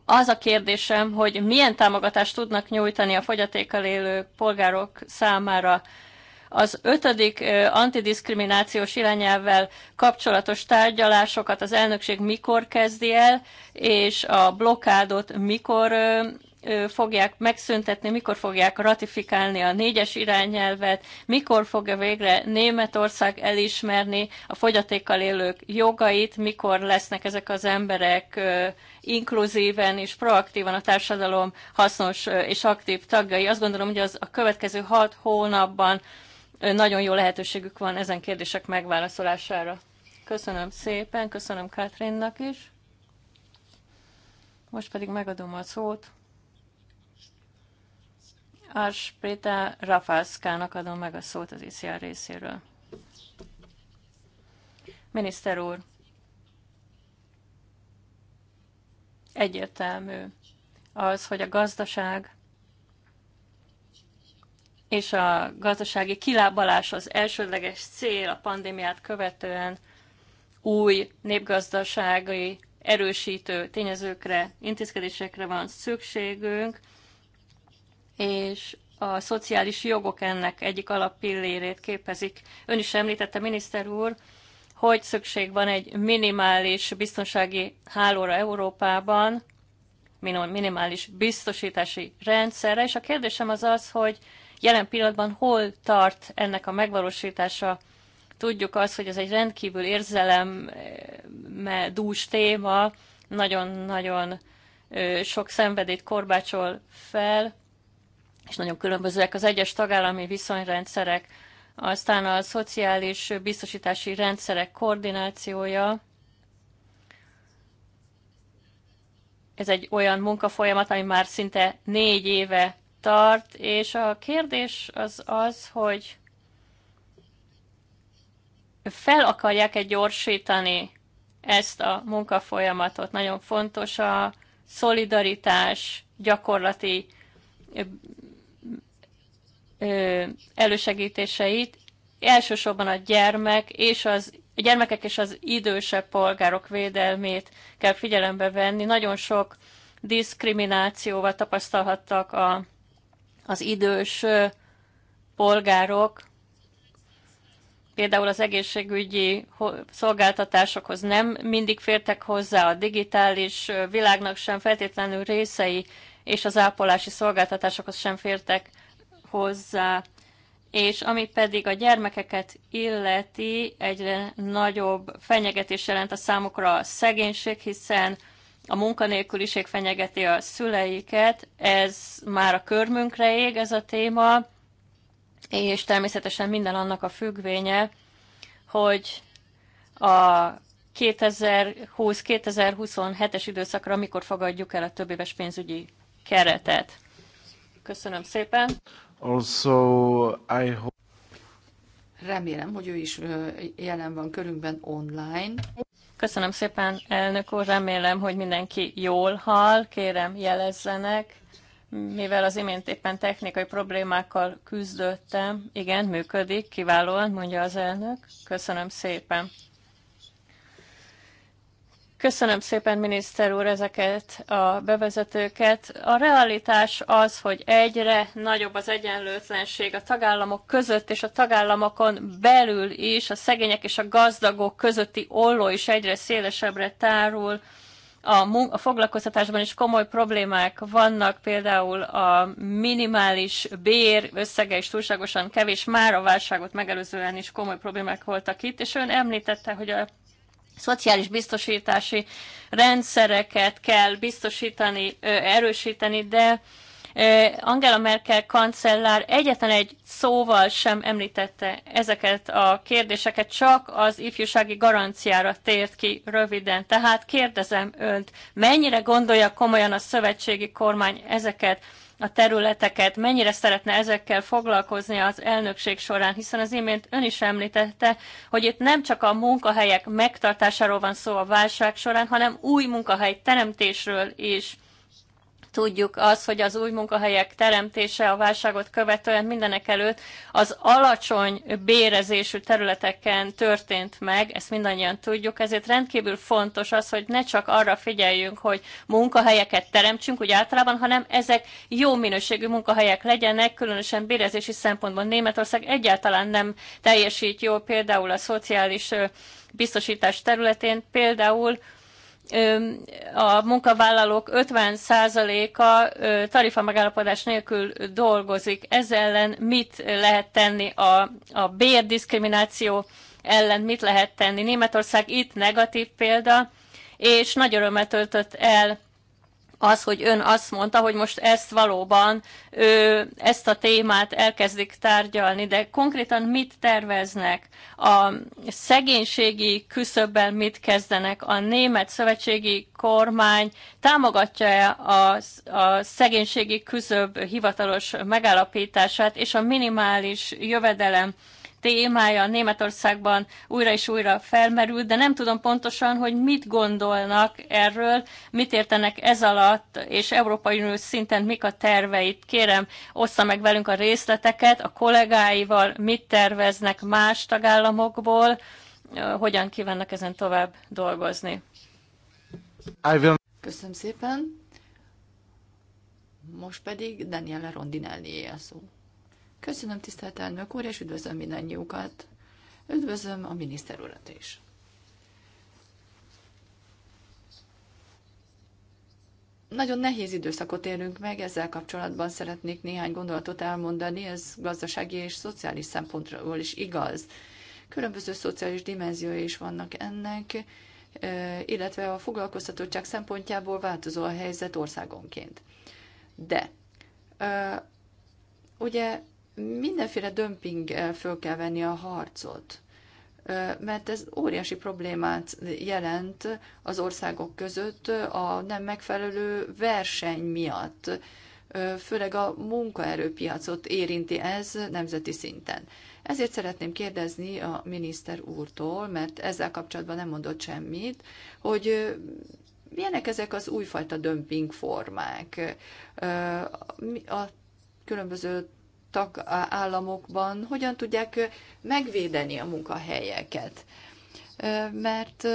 Az a kérdésem, hogy milyen támogatást tudnak nyújtani a fogyatékkal élő polgárok számára az ötödik antidiskriminációs irányelvvel kapcsolatos tárgyalásokat az elnökség mikor kezdi el, és a blokádot mikor fogják megszüntetni, mikor fogják ratifikálni a négyes irányelvet, mikor fogja végre Németország elismerni a fogyatékkal élők jogait, mikor lesznek ezek az emberek inkluzíven és proaktívan a társadalom hasznos és aktív tagjai. Azt gondolom, hogy az a következő hat hónapban nagyon jó lehetőségük van ezen kérdések megválaszolására. Köszönöm szépen, köszönöm Kátrinnak is. Most pedig megadom a szót. Árspréta Rafalszkának adom meg a szót az ICR részéről. Miniszter úr, egyértelmű az, hogy a gazdaság és a gazdasági kilábalás az elsődleges cél a pandémiát követően új népgazdasági erősítő tényezőkre, intézkedésekre van szükségünk, és a szociális jogok ennek egyik alappillérét képezik. Ön is említette, miniszter úr, hogy szükség van egy minimális biztonsági hálóra Európában, minimális biztosítási rendszerre, és a kérdésem az az, hogy Jelen pillanatban hol tart ennek a megvalósítása? Tudjuk azt, hogy ez egy rendkívül érzelemmel eh, dús téma, nagyon-nagyon sok szenvedét korbácsol fel, és nagyon különbözőek az egyes tagállami viszonyrendszerek, aztán a szociális biztosítási rendszerek koordinációja. Ez egy olyan munkafolyamat, ami már szinte négy éve tart, és a kérdés az az, hogy fel akarják egy gyorsítani ezt a munkafolyamatot. Nagyon fontos a szolidaritás gyakorlati elősegítéseit, elsősorban a gyermek és az a gyermekek és az idősebb polgárok védelmét kell figyelembe venni. Nagyon sok diszkriminációval tapasztalhattak a az idős polgárok például az egészségügyi szolgáltatásokhoz nem mindig fértek hozzá, a digitális világnak sem feltétlenül részei, és az ápolási szolgáltatásokhoz sem fértek hozzá. És ami pedig a gyermekeket illeti, egyre nagyobb fenyegetés jelent a számukra a szegénység, hiszen a munkanélküliség fenyegeti a szüleiket, ez már a körmünkre ég ez a téma, és természetesen minden annak a függvénye, hogy a 2020-2027-es időszakra mikor fogadjuk el a több éves pénzügyi keretet. Köszönöm szépen. Also, I hope... Remélem, hogy ő is jelen van körünkben online. Köszönöm szépen, elnök úr, remélem, hogy mindenki jól hall, kérem jelezzenek. Mivel az imént éppen technikai problémákkal küzdöttem, igen, működik, kiválóan, mondja az elnök. Köszönöm szépen. Köszönöm szépen, miniszter úr, ezeket a bevezetőket. A realitás az, hogy egyre nagyobb az egyenlőtlenség a tagállamok között és a tagállamokon belül is, a szegények és a gazdagok közötti olló is egyre szélesebbre tárul. A, a foglalkoztatásban is komoly problémák vannak, például a minimális bér összege is túlságosan kevés, már a válságot megelőzően is komoly problémák voltak itt, és ön említette, hogy a szociális biztosítási rendszereket kell biztosítani, erősíteni, de Angela Merkel kancellár egyetlen egy szóval sem említette ezeket a kérdéseket, csak az ifjúsági garanciára tért ki röviden. Tehát kérdezem önt, mennyire gondolja komolyan a szövetségi kormány ezeket a területeket, mennyire szeretne ezekkel foglalkozni az elnökség során, hiszen az imént ön is említette, hogy itt nem csak a munkahelyek megtartásáról van szó a válság során, hanem új munkahely teremtésről is tudjuk az, hogy az új munkahelyek teremtése a válságot követően mindenek előtt az alacsony bérezésű területeken történt meg, ezt mindannyian tudjuk, ezért rendkívül fontos az, hogy ne csak arra figyeljünk, hogy munkahelyeket teremtsünk úgy általában, hanem ezek jó minőségű munkahelyek legyenek, különösen bérezési szempontból Németország egyáltalán nem teljesít Jó például a szociális biztosítás területén, például a munkavállalók 50%-a tarifa megállapodás nélkül dolgozik. Ez ellen mit lehet tenni a, a bérdiszkrimináció ellen mit lehet tenni. Németország itt negatív példa, és nagy örömet töltött el az, hogy ön azt mondta, hogy most ezt valóban, ö, ezt a témát elkezdik tárgyalni, de konkrétan mit terveznek? A szegénységi küszöbben mit kezdenek? A német szövetségi kormány támogatja-e a, a szegénységi küszöb hivatalos megállapítását és a minimális jövedelem témája Németországban újra és újra felmerült, de nem tudom pontosan, hogy mit gondolnak erről, mit értenek ez alatt, és Európai Unió szinten mik a terveit. Kérem, ossza meg velünk a részleteket, a kollégáival mit terveznek más tagállamokból, hogyan kívánnak ezen tovább dolgozni. Köszönöm szépen. Most pedig Daniela Rondinelli a szó. Köszönöm, tisztelt elnök úr, és üdvözlöm mindannyiukat. Üdvözlöm a miniszter urat is. Nagyon nehéz időszakot élünk meg, ezzel kapcsolatban szeretnék néhány gondolatot elmondani, ez gazdasági és szociális szempontból is igaz. Különböző szociális dimenziói is vannak ennek, illetve a foglalkoztatottság szempontjából változó a helyzet országonként. De ugye mindenféle dömping eh, föl kell venni a harcot, mert ez óriási problémát jelent az országok között a nem megfelelő verseny miatt. Főleg a munkaerőpiacot érinti ez nemzeti szinten. Ezért szeretném kérdezni a miniszter úrtól, mert ezzel kapcsolatban nem mondott semmit, hogy milyenek ezek az újfajta dömping formák a különböző államokban hogyan tudják megvédeni a munkahelyeket. Mert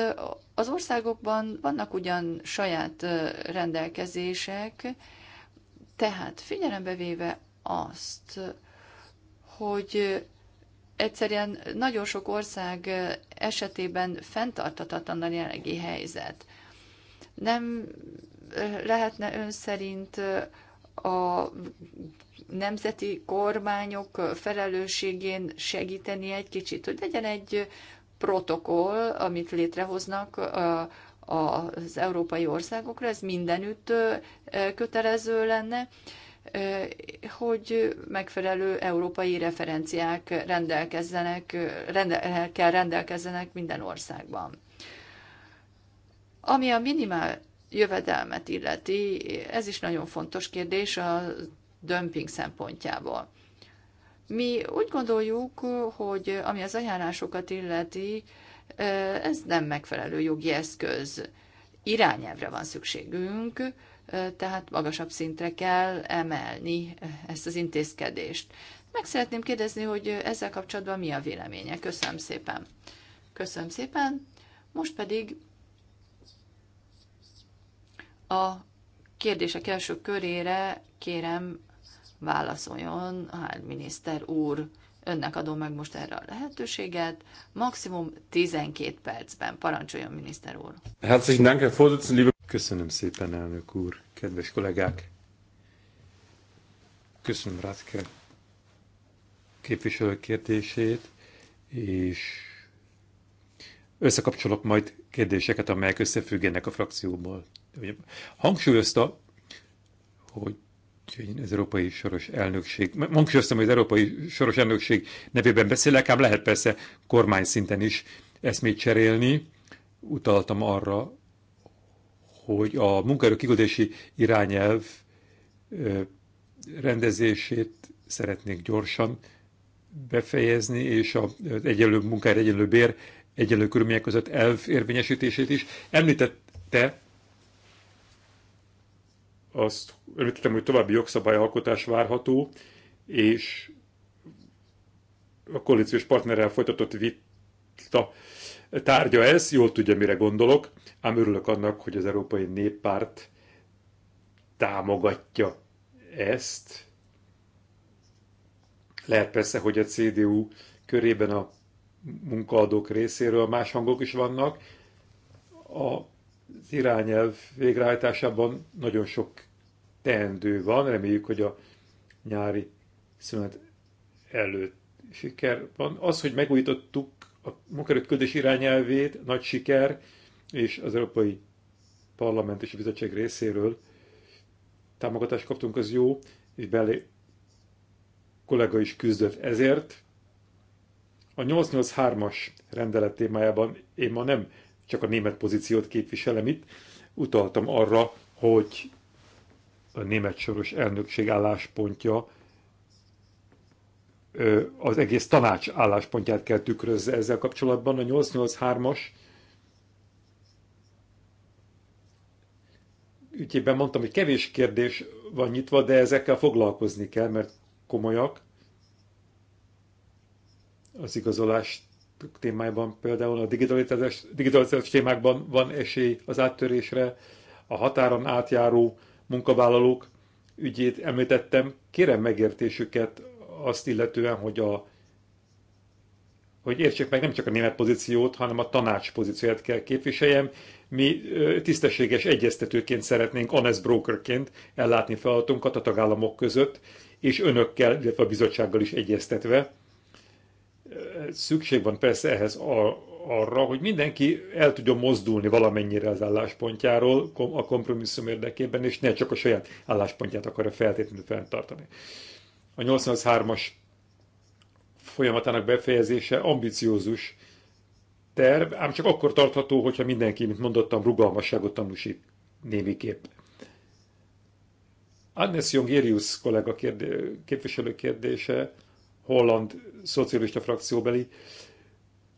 az országokban vannak ugyan saját rendelkezések, tehát figyelembe véve azt, hogy egyszerűen nagyon sok ország esetében fenntartatatlan a jelenlegi helyzet. Nem lehetne ön szerint a nemzeti kormányok felelősségén segíteni egy kicsit, hogy legyen egy protokoll, amit létrehoznak az európai országokra, ez mindenütt kötelező lenne, hogy megfelelő európai referenciák rendelkezzenek, rendel, kell rendelkezzenek minden országban. Ami a minimál jövedelmet illeti, ez is nagyon fontos kérdés a dömping szempontjából. Mi úgy gondoljuk, hogy ami az ajánlásokat illeti, ez nem megfelelő jogi eszköz. Irányelvre van szükségünk, tehát magasabb szintre kell emelni ezt az intézkedést. Meg szeretném kérdezni, hogy ezzel kapcsolatban mi a véleménye. Köszönöm szépen. Köszönöm szépen. Most pedig a kérdések első körére kérem válaszoljon, hát miniszter úr, önnek adom meg most erre a lehetőséget. Maximum 12 percben parancsoljon, miniszter úr. Herzlichen Köszönöm szépen, elnök úr, kedves kollégák. Köszönöm Rátke képviselő kérdését, és összekapcsolok majd kérdéseket, amelyek összefüggenek a frakcióból. Hangsúlyozta, hogy Úgyhogy az Európai Soros Elnökség, hangsúlyoztam, hogy az Európai Soros Elnökség nevében beszélek, ám lehet persze kormány szinten is eszmét cserélni. Utaltam arra, hogy a munkaerő kigodási irányelv rendezését szeretnék gyorsan befejezni, és az egyenlő munkáért egyenlő bér, egyenlő körülmények között elv érvényesítését is. Említette azt említettem, hogy további jogszabályalkotás várható, és a koalíciós partnerrel folytatott vita tárgya ez, jól tudja, mire gondolok, ám örülök annak, hogy az Európai Néppárt támogatja ezt. Lehet persze, hogy a CDU körében a munkaadók részéről más hangok is vannak. A irányelv végrehajtásában nagyon sok teendő van, reméljük, hogy a nyári szünet előtt siker van. Az, hogy megújítottuk a munkerőtködés irányelvét, nagy siker, és az Európai Parlament és a Bizottság részéről támogatást kaptunk, az jó, és belé kollega is küzdött ezért. A 883-as rendelet témájában én ma nem csak a német pozíciót képviselem itt, utaltam arra, hogy a német soros elnökség álláspontja az egész tanács álláspontját kell tükrözze ezzel kapcsolatban. A 883-as ügyében mondtam, hogy kevés kérdés van nyitva, de ezekkel foglalkozni kell, mert komolyak. Az igazolás témájban, például a digitalizációs, digitalizációs témákban van esély az áttörésre, a határon átjáró munkavállalók ügyét említettem. Kérem megértésüket azt illetően, hogy a hogy értsék meg nem csak a német pozíciót, hanem a tanács pozícióját kell képviseljem. Mi tisztességes egyeztetőként szeretnénk, honest brokerként ellátni feladatunkat a tagállamok között, és önökkel, illetve a bizottsággal is egyeztetve szükség van persze ehhez a, arra, hogy mindenki el tudja mozdulni valamennyire az álláspontjáról a kompromisszum érdekében, és ne csak a saját álláspontját akarja feltétlenül fenntartani. A 83-as folyamatának befejezése ambiciózus terv, ám csak akkor tartható, hogyha mindenki, mint mondottam, rugalmasságot tanúsít némiképp. Agnes Jongerius kollega kérdé, képviselő kérdése holland szocialista frakcióbeli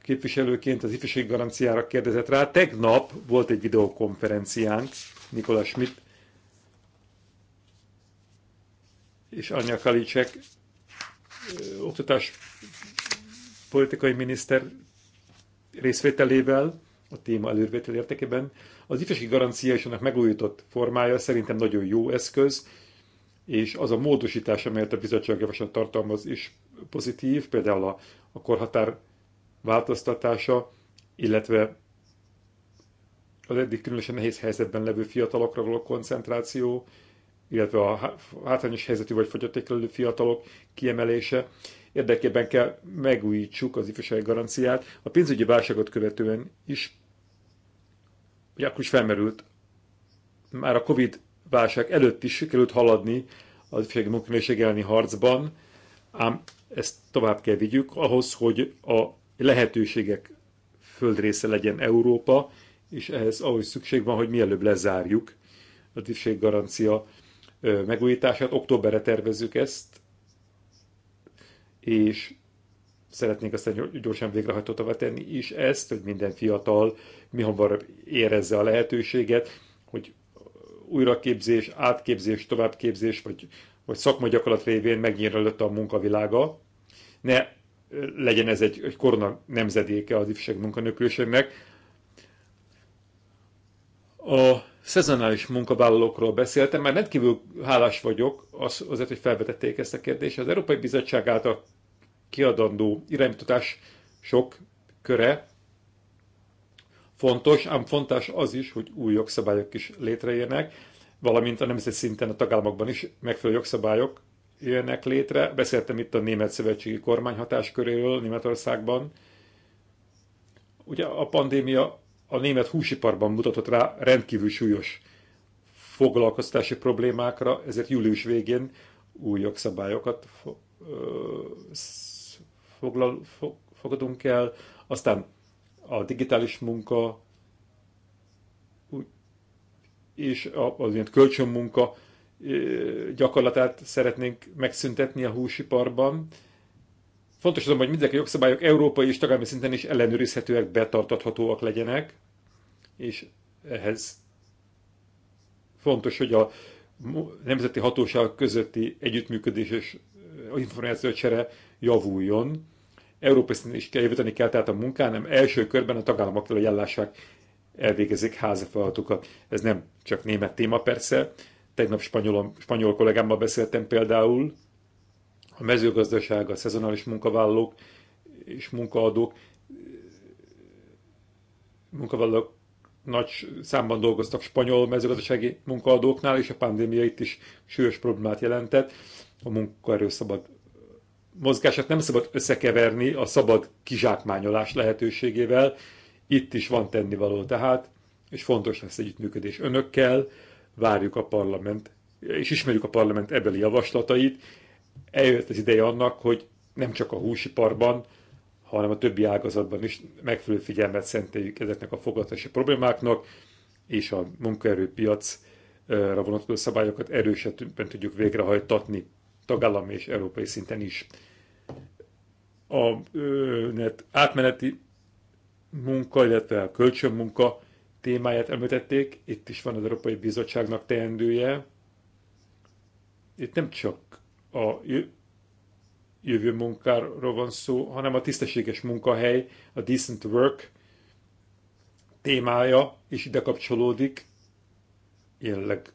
képviselőként az ifjúsági garanciára kérdezett rá. Tegnap volt egy videokonferenciánk Nikola Schmidt és Anya Kalicek oktatás politikai miniszter részvételével, a téma előrvétel értekében. Az ifjúsági garancia és annak megújított formája szerintem nagyon jó eszköz, és az a módosítás, amelyet a bizottság javaslat tartalmaz is pozitív, például a, a korhatár változtatása, illetve az eddig különösen nehéz helyzetben levő fiatalokra való koncentráció, illetve a hátrányos helyzetű vagy fogyatékkal fiatalok kiemelése. Érdekében kell megújítsuk az ifjúsági garanciát. A pénzügyi válságot követően is, ugye akkor is felmerült már a Covid válság előtt is sikerült haladni az ifjúsági munkanőség elleni harcban, ám ezt tovább kell vigyük ahhoz, hogy a lehetőségek földrésze legyen Európa, és ehhez ahogy szükség van, hogy mielőbb lezárjuk a garancia megújítását. Októberre tervezzük ezt, és szeretnénk aztán gyorsan végrehajtótavá tenni is ezt, hogy minden fiatal mi hamarabb érezze a lehetőséget, hogy újraképzés, átképzés, továbbképzés, vagy, vagy szakmai gyakorlat révén megnyír előtt a munkavilága. Ne legyen ez egy, egy korona nemzedéke az ifjúság munkanélküliségnek. A szezonális munkavállalókról beszéltem, mert rendkívül hálás vagyok az, azért, hogy felvetették ezt a kérdést. Az Európai Bizottság által kiadandó irányítás sok köre fontos, ám fontos az is, hogy új jogszabályok is létrejönnek, valamint a nemzeti szinten a tagállamokban is megfelelő jogszabályok jönnek létre. Beszéltem itt a német szövetségi kormány hatásköréről Németországban. Ugye a pandémia a német húsiparban mutatott rá rendkívül súlyos foglalkoztási problémákra, ezért július végén új jogszabályokat foglal, fogadunk el, aztán a digitális munka és az ilyen kölcsönmunka gyakorlatát szeretnénk megszüntetni a húsiparban. Fontos azonban, hogy mindezek a jogszabályok európai és tagállami szinten is ellenőrizhetőek, betartathatóak legyenek, és ehhez fontos, hogy a nemzeti hatóságok közötti együttműködés és információcsere javuljon, európai szinten is kell javítani kell tehát a munkán, nem első körben a tagállamok kell, hogy elvégezik házi feladatukat. Ez nem csak német téma persze. Tegnap spanyol, spanyol kollégámmal beszéltem például, a mezőgazdaság, a szezonális munkavállalók és munkaadók munkavállalók nagy számban dolgoztak spanyol mezőgazdasági munkaadóknál, és a pandémia itt is súlyos problémát jelentett. A munkaerő szabad mozgását nem szabad összekeverni a szabad kizsákmányolás lehetőségével. Itt is van tennivaló tehát, és fontos lesz együttműködés önökkel, várjuk a parlament, és ismerjük a parlament ebeli javaslatait. Eljött az ideje annak, hogy nem csak a húsiparban, hanem a többi ágazatban is megfelelő figyelmet szenteljük ezeknek a fogadási problémáknak, és a munkaerőpiacra vonatkozó szabályokat erősebben tudjuk végrehajtatni tagállami és európai szinten is a net, átmeneti munka, illetve a kölcsönmunka témáját említették, itt is van az Európai Bizottságnak teendője. Itt nem csak a jövő munkáról van szó, hanem a tisztességes munkahely, a decent work témája is ide kapcsolódik. Jelenleg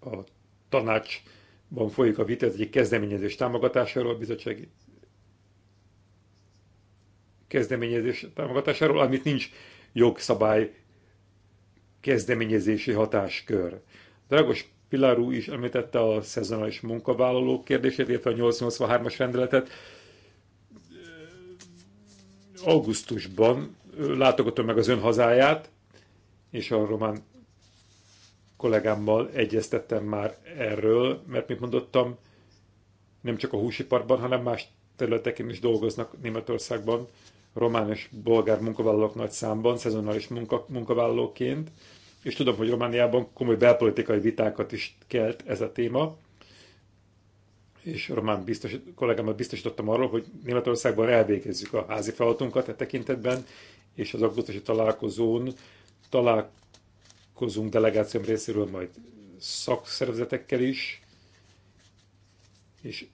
a tanács ban folyik a vita, ez egy kezdeményezés támogatásáról, a kezdeményezés támogatásáról, amit nincs jogszabály kezdeményezési hatáskör. Dragos Pilarú is említette a szezonális munkavállalók kérdését, illetve a 883-as rendeletet. Augusztusban látogatom meg az ön hazáját, és a román kollégámmal egyeztettem már erről, mert, mint mondottam, nem csak a húsiparban, hanem más területeken is dolgoznak Németországban román és bolgár munkavállalók nagy számban, szezonális munka, munkavállalóként, és tudom, hogy Romániában komoly belpolitikai vitákat is kelt ez a téma, és román biztos, kollégámmal biztosítottam arról, hogy Németországban elvégezzük a házi feladatunkat e tekintetben, és az augusztusi találkozón talál, találkozunk delegációm részéről majd szakszervezetekkel is, és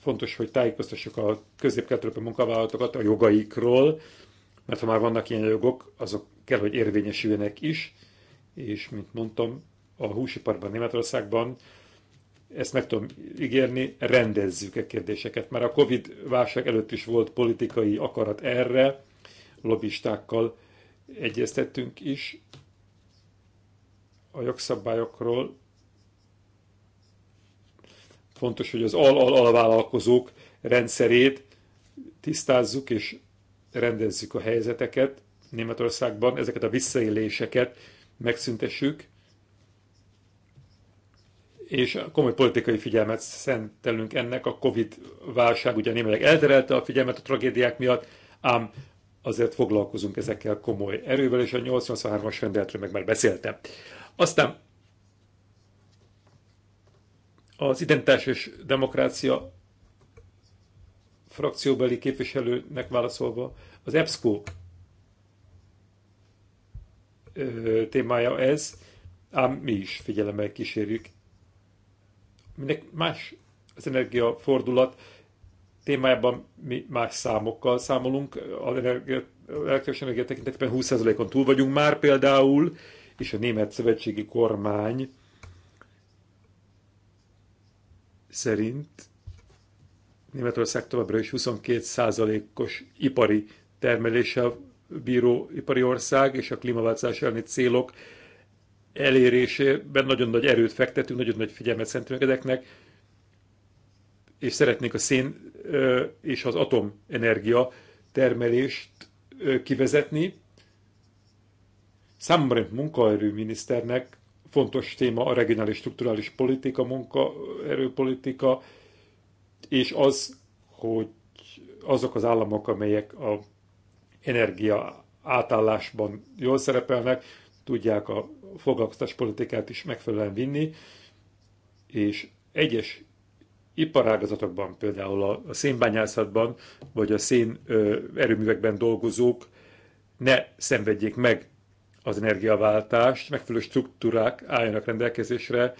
fontos, hogy tájékoztassuk a közép munkavállalatokat a jogaikról, mert ha már vannak ilyen jogok, azok kell, hogy érvényesüljenek is, és mint mondtam, a húsiparban Németországban ezt meg tudom ígérni, rendezzük a e kérdéseket. Már a Covid válság előtt is volt politikai akarat erre, lobbistákkal egyeztettünk is, a jogszabályokról fontos, hogy az al-al-alvállalkozók rendszerét tisztázzuk és rendezzük a helyzeteket Németországban, ezeket a visszaéléseket megszüntessük, és komoly politikai figyelmet szentelünk ennek. A Covid válság ugye némileg elterelte a figyelmet a tragédiák miatt, ám azért foglalkozunk ezekkel komoly erővel, és a 83-as rendeletről meg már beszéltem. Aztán az identitás és demokrácia frakcióbeli képviselőnek válaszolva, az EBSCO témája ez, ám mi is figyelemmel kísérjük. Minek más az energiafordulat témájában mi más számokkal számolunk, az energia, elektromos energia tekintetében 20%-on túl vagyunk már például, és a német szövetségi kormány szerint Németország továbbra is 22%-os ipari termeléssel bíró ipari ország, és a klímaváltozás elleni célok elérésében nagyon nagy erőt fektetünk, nagyon nagy figyelmet szentünk ezeknek, és szeretnék a szén és az atomenergia termelést kivezetni, Számomra munkaerőminiszternek fontos téma a regionális strukturális politika, munkaerőpolitika, és az, hogy azok az államok, amelyek a energia átállásban jól szerepelnek, tudják a foglalkoztatás politikát is megfelelően vinni, és egyes iparágazatokban, például a, szénbányászatban, vagy a szén erőművekben dolgozók ne szenvedjék meg az energiaváltást, megfelelő struktúrák álljanak rendelkezésre,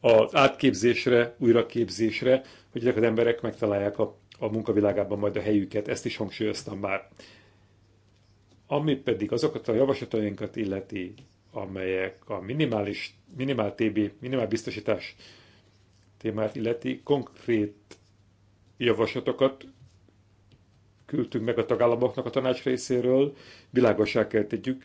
az átképzésre, újraképzésre, hogy ezek az emberek megtalálják a, a munkavilágában majd a helyüket, ezt is hangsúlyoztam már. Ami pedig azokat a javaslatainkat illeti, amelyek a minimális, minimál TB, minimál biztosítás témát illeti, konkrét javaslatokat küldtünk meg a tagállamoknak a tanács részéről, világosá kell tegyük,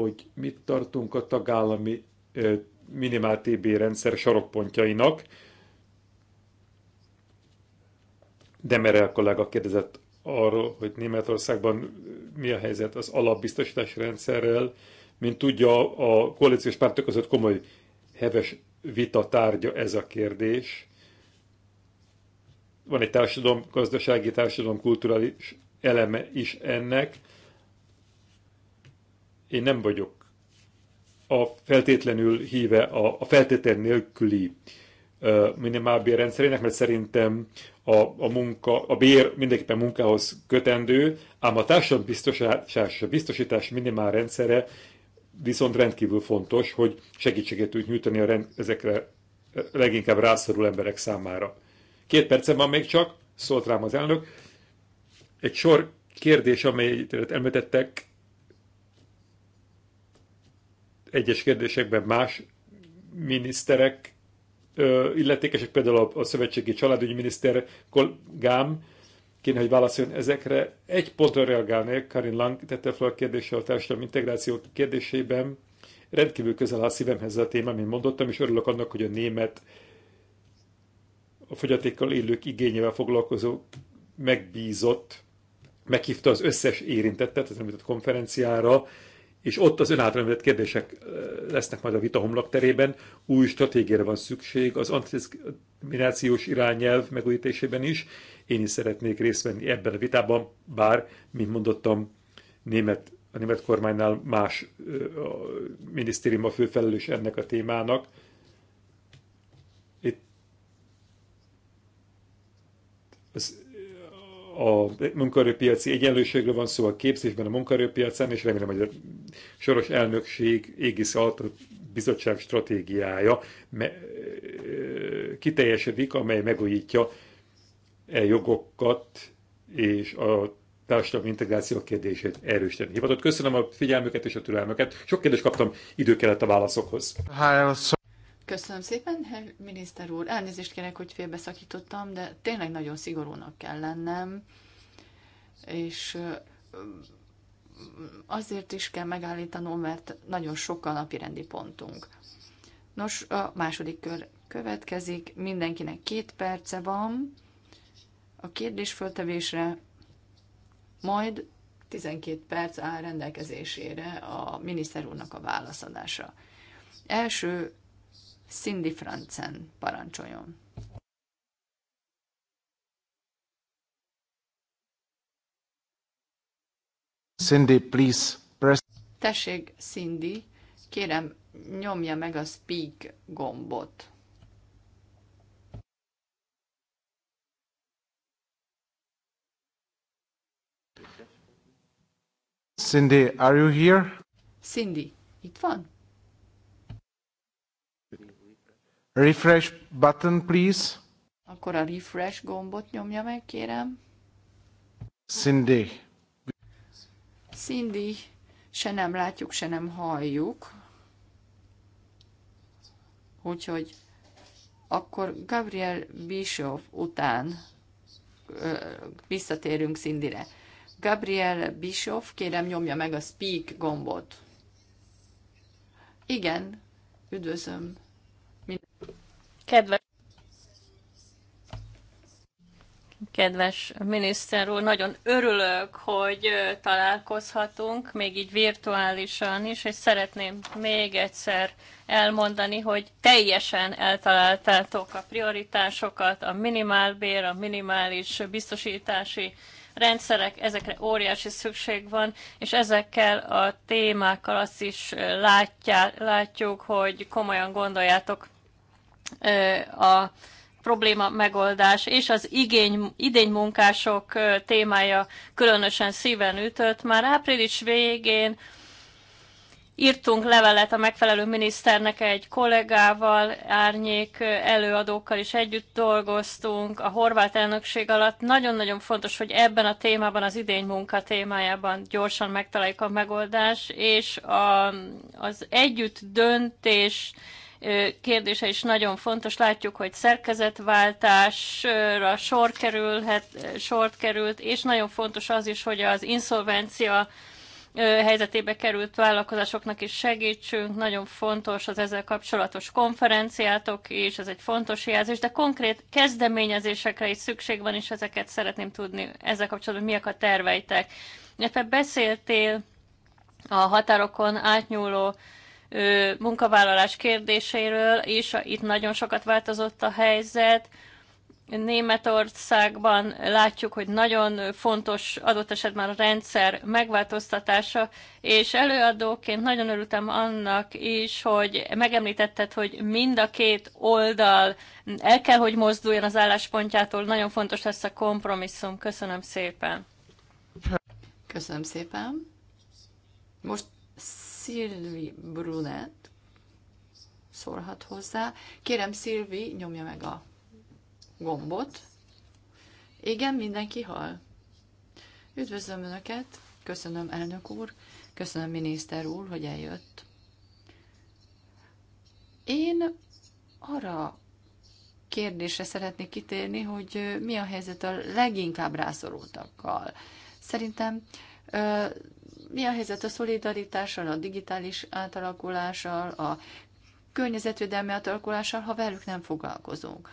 hogy mit tartunk a tagállami minimál TB rendszer sarokpontjainak. Demerel kollega kérdezett arról, hogy Németországban mi a helyzet az alapbiztosítási rendszerrel. Mint tudja, a koalíciós pártok között komoly heves vita tárgya ez a kérdés. Van egy társadalom, gazdasági, társadalom, kulturális eleme is ennek. Én nem vagyok a feltétlenül híve a, a feltétlen nélküli minimálbér rendszerének, mert szerintem a, a, munka, a bér mindenképpen munkához kötendő, ám a társadalombiztosítás biztosítás minimál rendszere viszont rendkívül fontos, hogy segítséget tud nyújtani a rend, ezekre leginkább rászorul emberek számára. Két percem van még csak, szólt rám az elnök. Egy sor kérdés, amelyet említettek, egyes kérdésekben más miniszterek illetékesek, például a szövetségi családügyi miniszter kolgám kéne, hogy válaszoljon ezekre. Egy pontra reagálnék, Karin Lang tette fel a kérdése a társadalmi integráció kérdésében. Rendkívül közel áll szívemhez a téma, mint mondottam, és örülök annak, hogy a német a fogyatékkal élők igényével foglalkozó megbízott, meghívta az összes érintettet az említett konferenciára, és ott az ön által kérdések lesznek majd a vita homlokterében. Új stratégiára van szükség az antidiszkriminációs irányelv megújítésében is. Én is szeretnék részt venni ebben a vitában, bár, mint mondottam, német, a német kormánynál más a minisztérium a főfelelős ennek a témának. Itt az a munkaerőpiaci egyenlőségről van szó a képzésben, a munkaerőpiacán, és remélem, hogy a soros elnökség égisz alatt a bizottság stratégiája me- kiteljesedik, amely megújítja e jogokat és a társadalmi integráció kérdését erősíteni. Hivatott köszönöm a figyelmüket és a türelmüket. Sok kérdést kaptam, idő kellett a válaszokhoz. Köszönöm szépen, miniszter úr. Elnézést kérek, hogy félbeszakítottam, de tényleg nagyon szigorúnak kell lennem, és azért is kell megállítanom, mert nagyon sok a napi rendi pontunk. Nos, a második kör következik, mindenkinek két perce van a kérdésföltevésre, majd 12 perc áll rendelkezésére a miniszter úrnak a válaszadása. Első Cindy Francen parancsoljon. Cindy, please press. Tessék, Cindy, kérem, nyomja meg a speak gombot. Cindy, are you here? Cindy, itt van? refresh button, please. Akkor a refresh gombot nyomja meg, kérem. Cindy. Cindy, se nem látjuk, se nem halljuk. Úgyhogy akkor Gabriel Bishop után ö, visszatérünk Cindyre. Gabriel Bishop, kérem nyomja meg a speak gombot. Igen, üdvözlöm Kedves kedves miniszter úr, nagyon örülök, hogy találkozhatunk, még így virtuálisan is, és szeretném még egyszer elmondani, hogy teljesen eltaláltátok a prioritásokat, a minimálbér, a minimális biztosítási rendszerek, ezekre óriási szükség van, és ezekkel a témákkal azt is látjá, látjuk, hogy komolyan gondoljátok a probléma megoldás és az igény, idény munkások témája különösen szíven ütött. Már április végén írtunk levelet a megfelelő miniszternek egy kollégával, árnyék előadókkal is együtt dolgoztunk. A horvát elnökség alatt nagyon-nagyon fontos, hogy ebben a témában, az idény munka témájában gyorsan megtaláljuk a megoldást, és a, az együtt döntés kérdése is nagyon fontos. Látjuk, hogy szerkezetváltásra sor kerülhet, sort került, és nagyon fontos az is, hogy az inszolvencia helyzetébe került vállalkozásoknak is segítsünk. Nagyon fontos az ezzel kapcsolatos konferenciátok is, ez egy fontos jelzés, de konkrét kezdeményezésekre is szükség van, és ezeket szeretném tudni ezzel kapcsolatban, miak a terveitek. Illetve beszéltél a határokon átnyúló munkavállalás kérdéseiről is. Itt nagyon sokat változott a helyzet. Németországban látjuk, hogy nagyon fontos adott esetben a rendszer megváltoztatása, és előadóként nagyon örültem annak is, hogy megemlítetted, hogy mind a két oldal el kell, hogy mozduljon az álláspontjától, nagyon fontos lesz a kompromisszum. Köszönöm szépen. Köszönöm szépen. Most Szilvi Brunet szólhat hozzá. Kérem, Szilvi, nyomja meg a gombot. Igen, mindenki hal. Üdvözlöm Önöket, köszönöm elnök úr, köszönöm miniszter úr, hogy eljött. Én arra kérdésre szeretnék kitérni, hogy mi a helyzet a leginkább rászorultakkal. Szerintem mi a helyzet a szolidaritással, a digitális átalakulással, a környezetvédelmi átalakulással, ha velük nem foglalkozunk.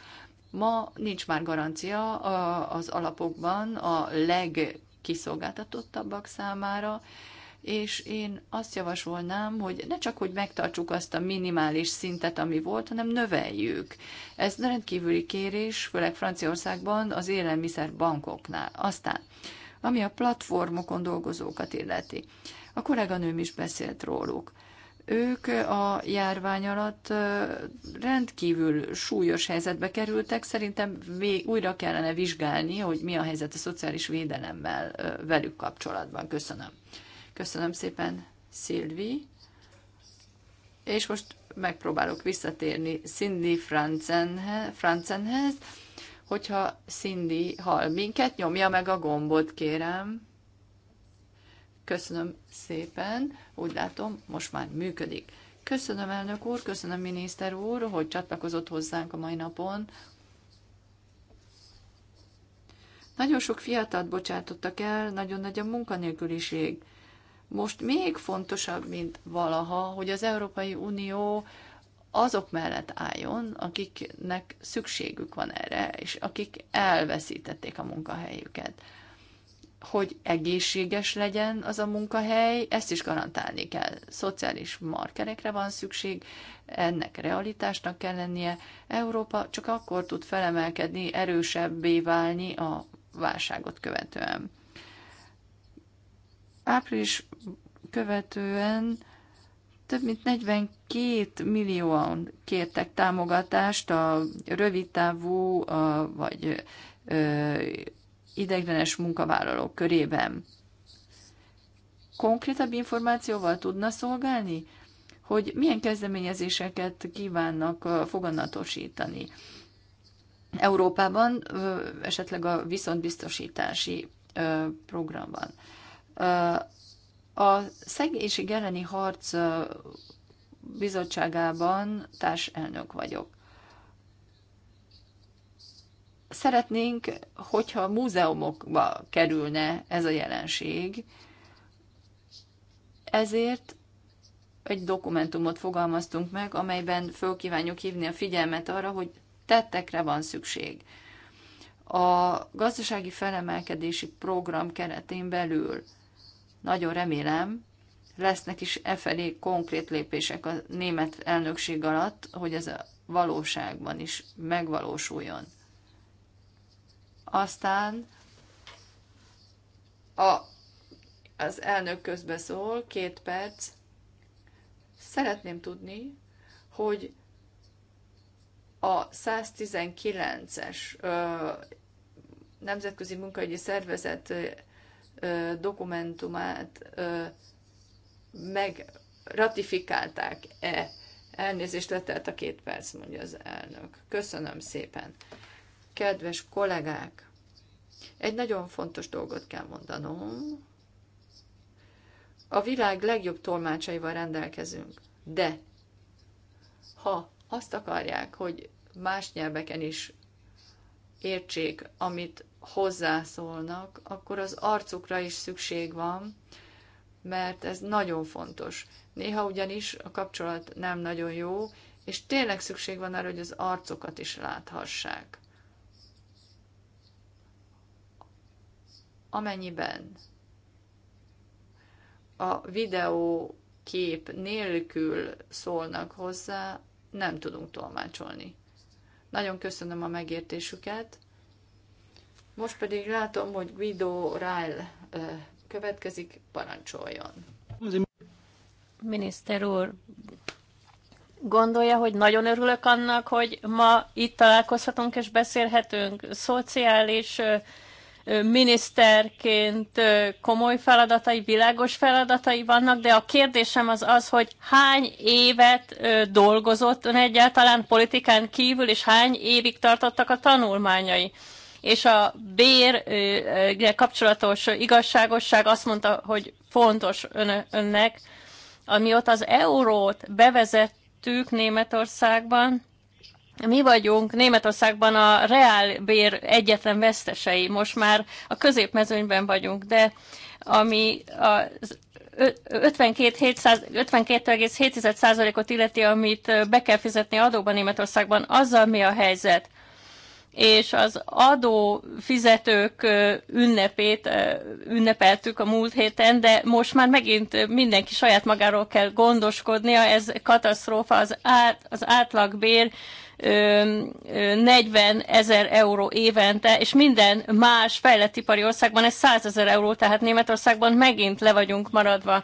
Ma nincs már garancia az alapokban a legkiszolgáltatottabbak számára, és én azt javasolnám, hogy ne csak, hogy megtartsuk azt a minimális szintet, ami volt, hanem növeljük. Ez rendkívüli kérés, főleg Franciaországban az élelmiszer bankoknál. Aztán ami a platformokon dolgozókat illeti. A kolléganőm is beszélt róluk. Ők a járvány alatt rendkívül súlyos helyzetbe kerültek, szerintem újra kellene vizsgálni, hogy mi a helyzet a szociális védelemmel velük kapcsolatban. Köszönöm. Köszönöm szépen, Szilvi. És most megpróbálok visszatérni Cindy Franzenhez hogyha Cindy hal minket, nyomja meg a gombot, kérem. Köszönöm szépen, úgy látom, most már működik. Köszönöm, elnök úr, köszönöm, miniszter úr, hogy csatlakozott hozzánk a mai napon. Nagyon sok fiatalt bocsátottak el, nagyon nagy a munkanélküliség. Most még fontosabb, mint valaha, hogy az Európai Unió azok mellett álljon, akiknek szükségük van erre, és akik elveszítették a munkahelyüket. Hogy egészséges legyen az a munkahely, ezt is garantálni kell. Szociális markerekre van szükség, ennek realitásnak kell lennie. Európa csak akkor tud felemelkedni, erősebbé válni a válságot követően. Április követően több mint 42 millióan kértek támogatást a rövidtávú vagy ö, ideiglenes munkavállalók körében. Konkrétabb információval tudna szolgálni, hogy milyen kezdeményezéseket kívánnak foganatosítani. Európában esetleg a viszontbiztosítási programban. A szegénység elleni harc bizottságában társelnök vagyok. Szeretnénk, hogyha múzeumokba kerülne ez a jelenség, ezért egy dokumentumot fogalmaztunk meg, amelyben föl kívánjuk hívni a figyelmet arra, hogy tettekre van szükség. A gazdasági felemelkedési program keretén belül – nagyon remélem, lesznek is e felé konkrét lépések a német elnökség alatt, hogy ez a valóságban is megvalósuljon. Aztán a, az elnök közbeszól, két perc. Szeretném tudni, hogy a 119-es nemzetközi munkaügyi szervezet dokumentumát megratifikálták-e. Elnézést letelt a két perc, mondja az elnök. Köszönöm szépen. Kedves kollégák, egy nagyon fontos dolgot kell mondanom. A világ legjobb tolmácsaival rendelkezünk, de ha azt akarják, hogy más nyelveken is értsék, amit hozzászólnak, akkor az arcukra is szükség van, mert ez nagyon fontos. Néha ugyanis a kapcsolat nem nagyon jó, és tényleg szükség van arra, hogy az arcokat is láthassák. Amennyiben a videó kép nélkül szólnak hozzá, nem tudunk tolmácsolni. Nagyon köszönöm a megértésüket. Most pedig látom, hogy Guido Ryle következik, parancsoljon. Miniszter úr, gondolja, hogy nagyon örülök annak, hogy ma itt találkozhatunk és beszélhetünk. Szociális miniszterként komoly feladatai, világos feladatai vannak, de a kérdésem az az, hogy hány évet dolgozott ön egyáltalán politikán kívül, és hány évig tartottak a tanulmányai? És a bér kapcsolatos igazságosság azt mondta, hogy fontos ön, önnek, amióta az eurót bevezettük Németországban, mi vagyunk Németországban a reálbér egyetlen vesztesei, most már a középmezőnyben vagyunk, de ami az 52,7%-ot illeti, amit be kell fizetni adóban Németországban, azzal mi a helyzet? És az adófizetők ünnepét ünnepeltük a múlt héten, de most már megint mindenki saját magáról kell gondoskodnia, ez katasztrófa, az, át, az átlagbér 40 ezer euró évente, és minden más fejlett ipari országban ez 100 ezer euró, tehát Németországban megint le vagyunk maradva.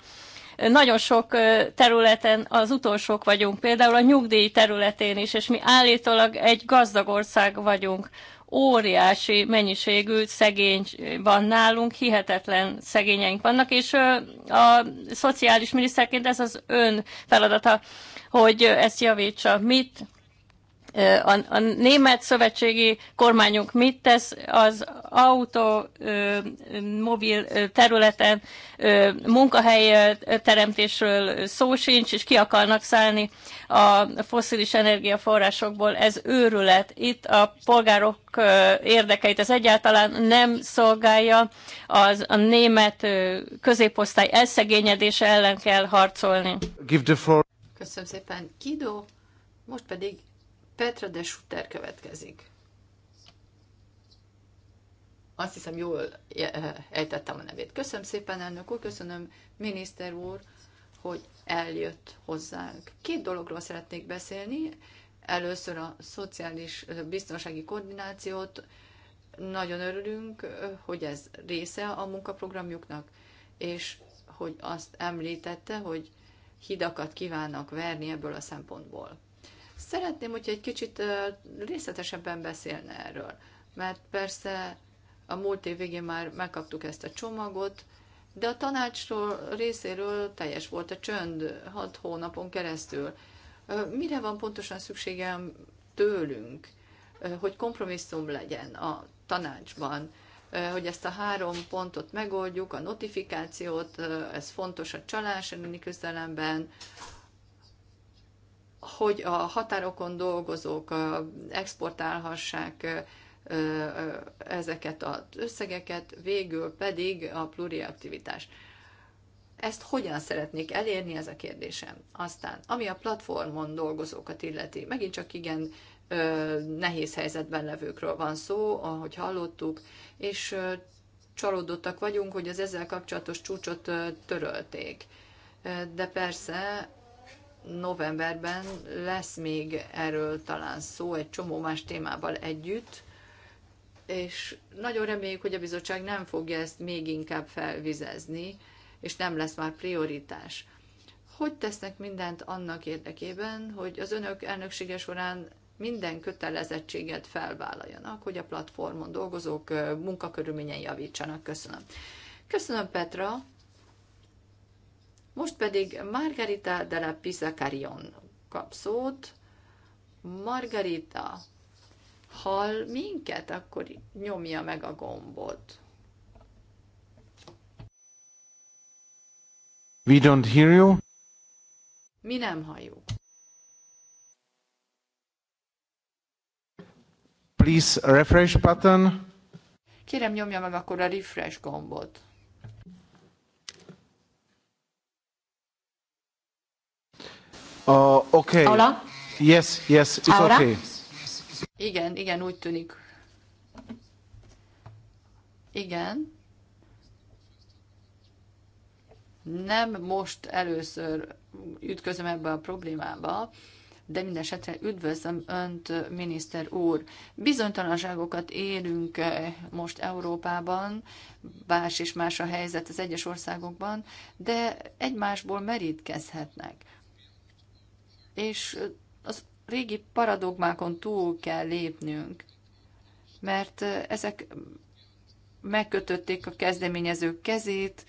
Nagyon sok területen az utolsók vagyunk, például a nyugdíj területén is, és mi állítólag egy gazdag ország vagyunk. Óriási mennyiségű szegény van nálunk, hihetetlen szegényeink vannak, és a szociális miniszterként ez az ön feladata, hogy ezt javítsa. Mit a, a német szövetségi kormányunk mit tesz az autó, ö, mobil területen, ö, munkahely teremtésről szó sincs, és ki akarnak szállni a foszilis energiaforrásokból. Ez őrület. Itt a polgárok érdekeit ez egyáltalán nem szolgálja. Az, a német középosztály elszegényedése ellen kell harcolni. Give the floor. Köszönöm szépen. Kido, most pedig Petra de Schutter következik. Azt hiszem, jól eh, ejtettem a nevét. Köszönöm szépen, elnök úr, köszönöm, miniszter úr, hogy eljött hozzánk. Két dologról szeretnék beszélni. Először a szociális eh, biztonsági koordinációt. Nagyon örülünk, eh, hogy ez része a munkaprogramjuknak, és hogy azt említette, hogy hidakat kívánnak verni ebből a szempontból. Szeretném, hogyha egy kicsit részletesebben beszélne erről, mert persze a múlt év végén már megkaptuk ezt a csomagot, de a tanácsról részéről teljes volt a csönd hat hónapon keresztül. Mire van pontosan szükségem tőlünk, hogy kompromisszum legyen a tanácsban, hogy ezt a három pontot megoldjuk, a notifikációt, ez fontos a csalás elleni küzdelemben, hogy a határokon dolgozók exportálhassák ezeket az összegeket, végül pedig a pluriaktivitás. Ezt hogyan szeretnék elérni, ez a kérdésem. Aztán, ami a platformon dolgozókat illeti, megint csak igen nehéz helyzetben levőkről van szó, ahogy hallottuk, és csalódottak vagyunk, hogy az ezzel kapcsolatos csúcsot törölték. De persze novemberben lesz még erről talán szó egy csomó más témával együtt, és nagyon reméljük, hogy a bizottság nem fogja ezt még inkább felvizezni, és nem lesz már prioritás. Hogy tesznek mindent annak érdekében, hogy az önök elnöksége során minden kötelezettséget felvállaljanak, hogy a platformon dolgozók munkakörülményen javítsanak? Köszönöm. Köszönöm, Petra. Most pedig Margarita de la Pizzacarion kap szót. Margarita, hall minket, akkor nyomja meg a gombot. We don't hear you. Mi nem halljuk. Please refresh button. Kérem nyomja meg akkor a refresh gombot. Uh, okay. Hola? Yes, yes, it's Ahora? okay. Igen, igen, úgy tűnik. Igen. Nem most először ütközöm ebbe a problémába, de minden esetre üdvözlöm Önt, miniszter úr. Bizonytalanságokat élünk eh, most Európában, más és más a helyzet az egyes országokban, de egymásból merítkezhetnek és az régi paradigmákon túl kell lépnünk, mert ezek megkötötték a kezdeményezők kezét,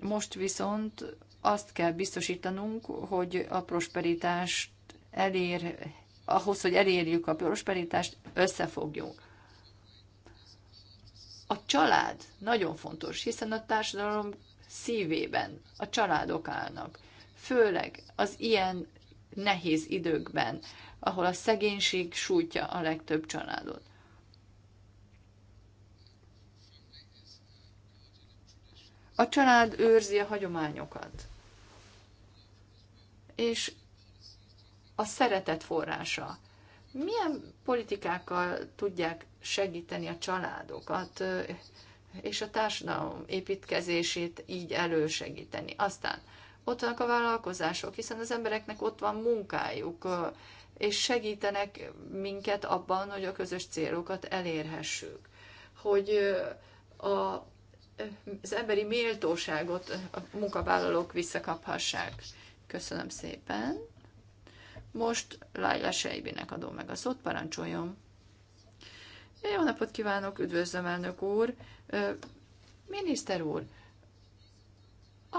most viszont azt kell biztosítanunk, hogy a prosperitást elér, ahhoz, hogy elérjük a prosperitást, összefogjunk. A család nagyon fontos, hiszen a társadalom szívében a családok állnak. Főleg az ilyen nehéz időkben, ahol a szegénység sújtja a legtöbb családot. A család őrzi a hagyományokat, és a szeretet forrása. Milyen politikákkal tudják segíteni a családokat, és a társadalom építkezését így elősegíteni? Aztán ott vannak a vállalkozások, hiszen az embereknek ott van munkájuk, és segítenek minket abban, hogy a közös célokat elérhessük. Hogy a, az emberi méltóságot a munkavállalók visszakaphassák. Köszönöm szépen. Most Lájla Sejbinek adom meg a szót, parancsoljon. Jó napot kívánok, üdvözlöm, elnök úr. Miniszter úr,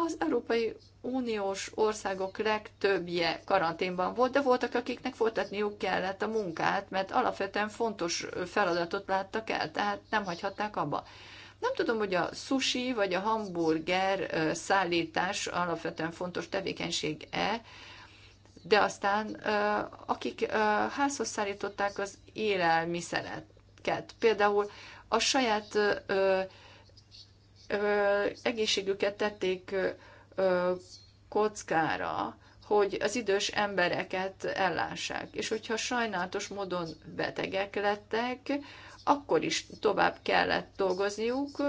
az Európai Uniós országok legtöbbje karanténban volt, de voltak, akiknek folytatniuk kellett a munkát, mert alapvetően fontos feladatot láttak el, tehát nem hagyhatták abba. Nem tudom, hogy a sushi vagy a hamburger szállítás alapvetően fontos tevékenység-e, de aztán akik házhoz szállították az élelmiszereket, például a saját egészségüket tették kockára, hogy az idős embereket ellássák. És hogyha sajnálatos módon betegek lettek, akkor is tovább kellett dolgozniuk,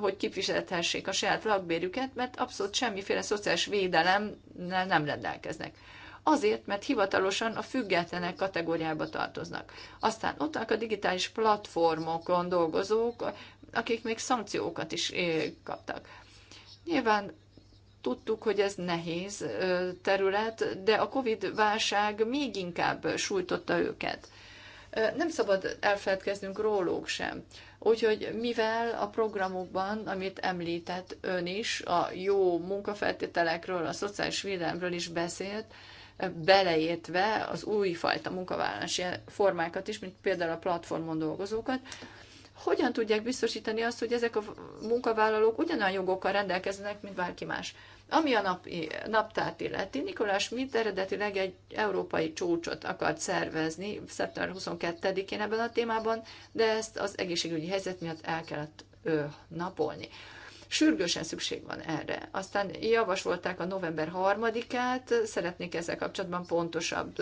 hogy kifizethessék a saját lakbérüket, mert abszolút semmiféle szociális védelem nem rendelkeznek. Azért, mert hivatalosan a függetlenek kategóriába tartoznak. Aztán ott a digitális platformokon dolgozók, akik még szankciókat is eh, kaptak. Nyilván tudtuk, hogy ez nehéz eh, terület, de a COVID-válság még inkább sújtotta őket. Eh, nem szabad elfeledkeznünk róluk sem. Úgyhogy mivel a programokban, amit említett ön is, a jó munkafeltételekről, a szociális védelemről is beszélt, beleértve az újfajta munkavállalási formákat is, mint például a platformon dolgozókat, hogyan tudják biztosítani azt, hogy ezek a munkavállalók ugyanolyan jogokkal rendelkeznek, mint bárki más. Ami a napi, naptárt illeti, Nikolás Schmidt eredetileg egy európai csúcsot akart szervezni szeptember 22-én ebben a témában, de ezt az egészségügyi helyzet miatt el kellett ő, napolni. Sürgősen szükség van erre. Aztán javasolták a november 3-át, szeretnék ezzel kapcsolatban pontosabb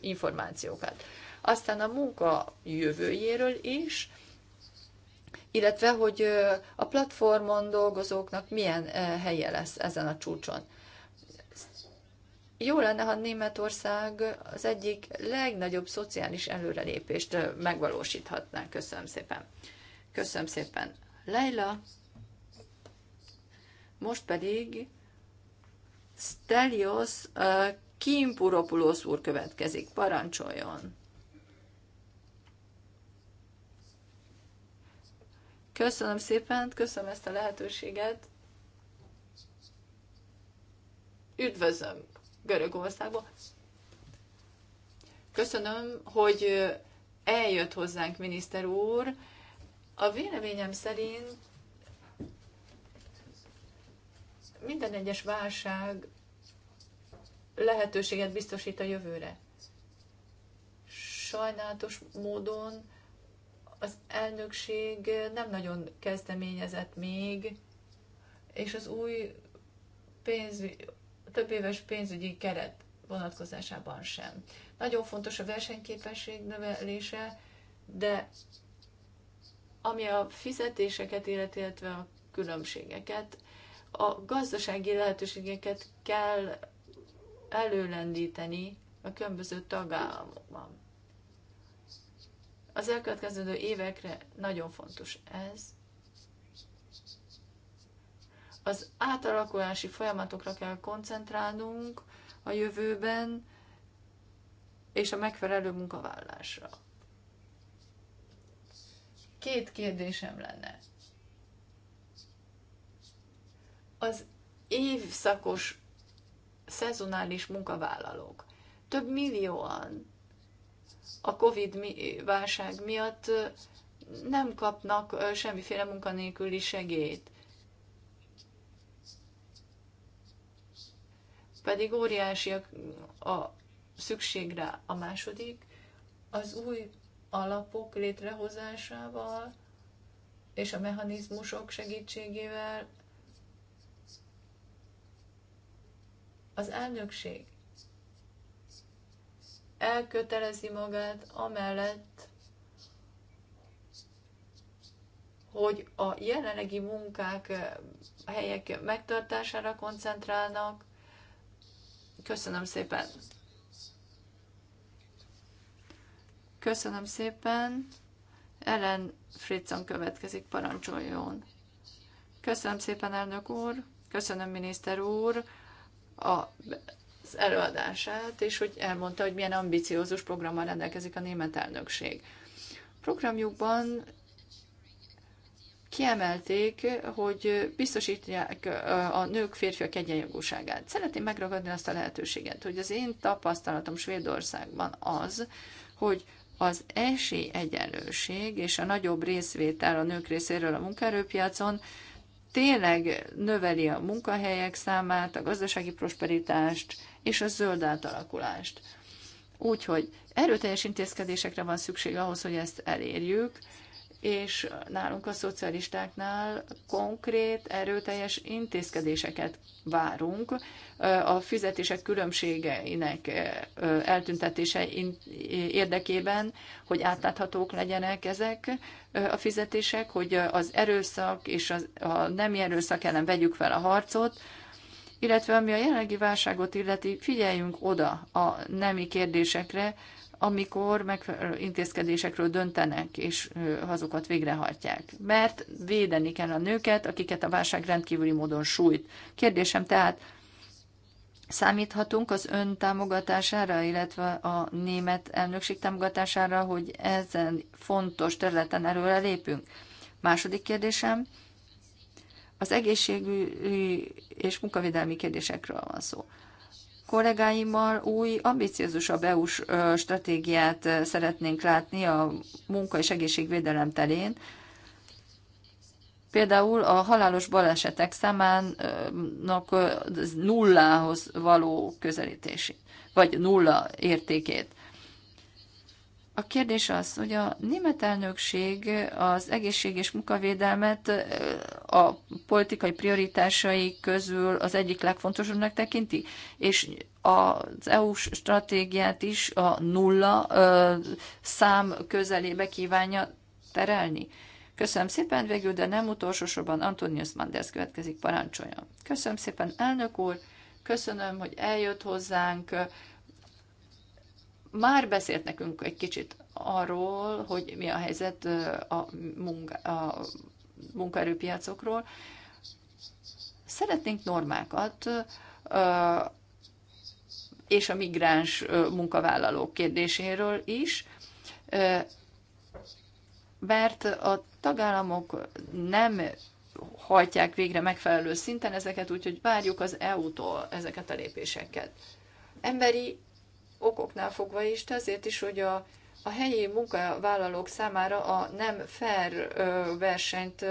információkat. Aztán a munka jövőjéről is, illetve hogy a platformon dolgozóknak milyen helye lesz ezen a csúcson. Jó lenne, ha Németország az egyik legnagyobb szociális előrelépést megvalósíthatná. Köszönöm szépen. Köszönöm szépen. Leila, most pedig Stelios Kimpuropulos úr következik. Parancsoljon! Köszönöm szépen, köszönöm ezt a lehetőséget. Üdvözlöm görögországból. Köszönöm, hogy eljött hozzánk, miniszter úr. A véleményem szerint minden egyes válság lehetőséget biztosít a jövőre. Sajnálatos módon az elnökség nem nagyon kezdeményezett még, és az új pénz, több éves pénzügyi keret vonatkozásában sem. Nagyon fontos a versenyképesség növelése, de ami a fizetéseket, illetve a különbségeket, a gazdasági lehetőségeket kell előlendíteni a különböző tagállamokban. Az elkövetkező évekre nagyon fontos ez. Az átalakulási folyamatokra kell koncentrálnunk a jövőben, és a megfelelő munkavállásra. Két kérdésem lenne. Az évszakos szezonális munkavállalók. Több millióan a Covid válság miatt nem kapnak semmiféle munkanélküli segélyt. Pedig óriásiak a a szükségre A második, az új alapok létrehozásával és a mechanizmusok segítségével az elnökség elkötelezi magát amellett, hogy a jelenlegi munkák, eh, helyek megtartására koncentrálnak. Köszönöm szépen! Köszönöm szépen! Ellen Fritzon következik, parancsoljon! Köszönöm szépen, elnök úr! Köszönöm, miniszter úr! A előadását, és hogy elmondta, hogy milyen ambiciózus programmal rendelkezik a német elnökség. A programjukban kiemelték, hogy biztosítják a nők férfiak egyenjogúságát. Szeretném megragadni azt a lehetőséget, hogy az én tapasztalatom Svédországban az, hogy az esélyegyenlőség és a nagyobb részvétel a nők részéről a munkaerőpiacon tényleg növeli a munkahelyek számát, a gazdasági prosperitást, és a zöld átalakulást. Úgyhogy erőteljes intézkedésekre van szükség ahhoz, hogy ezt elérjük, és nálunk a szocialistáknál konkrét, erőteljes intézkedéseket várunk a fizetések különbségeinek eltüntetése érdekében, hogy átláthatók legyenek ezek a fizetések, hogy az erőszak és a nem erőszak ellen vegyük fel a harcot, illetve ami a jelenlegi válságot illeti, figyeljünk oda a nemi kérdésekre, amikor megfelelő intézkedésekről döntenek és azokat végrehajtják. Mert védeni kell a nőket, akiket a válság rendkívüli módon sújt. Kérdésem tehát, számíthatunk az ön támogatására, illetve a német elnökség támogatására, hogy ezen fontos területen előre lépünk? Második kérdésem, az egészségügyi és munkavédelmi kérdésekről van szó. Kollégáimmal új, ambiciózusabb EU-s stratégiát szeretnénk látni a munka és egészségvédelem terén, Például a halálos balesetek számának nullához való közelítését, vagy nulla értékét. A kérdés az, hogy a német elnökség az egészség és munkavédelmet a politikai prioritásai közül az egyik legfontosabbnak tekinti, és az EU stratégiát is a nulla szám közelébe kívánja terelni. Köszönöm szépen végül, de nem utolsó sorban Antonius Mandels következik parancsolja. Köszönöm szépen, elnök úr, köszönöm, hogy eljött hozzánk, már beszélt nekünk egy kicsit arról, hogy mi a helyzet a, munka, a munkaerőpiacokról. Szeretnénk normákat és a migráns munkavállalók kérdéséről is, mert a tagállamok nem hajtják végre megfelelő szinten ezeket, úgyhogy várjuk az EU-tól ezeket a lépéseket. Emberi okoknál fogva is, azért is, hogy a, a helyi munkavállalók számára a nem fair versenyt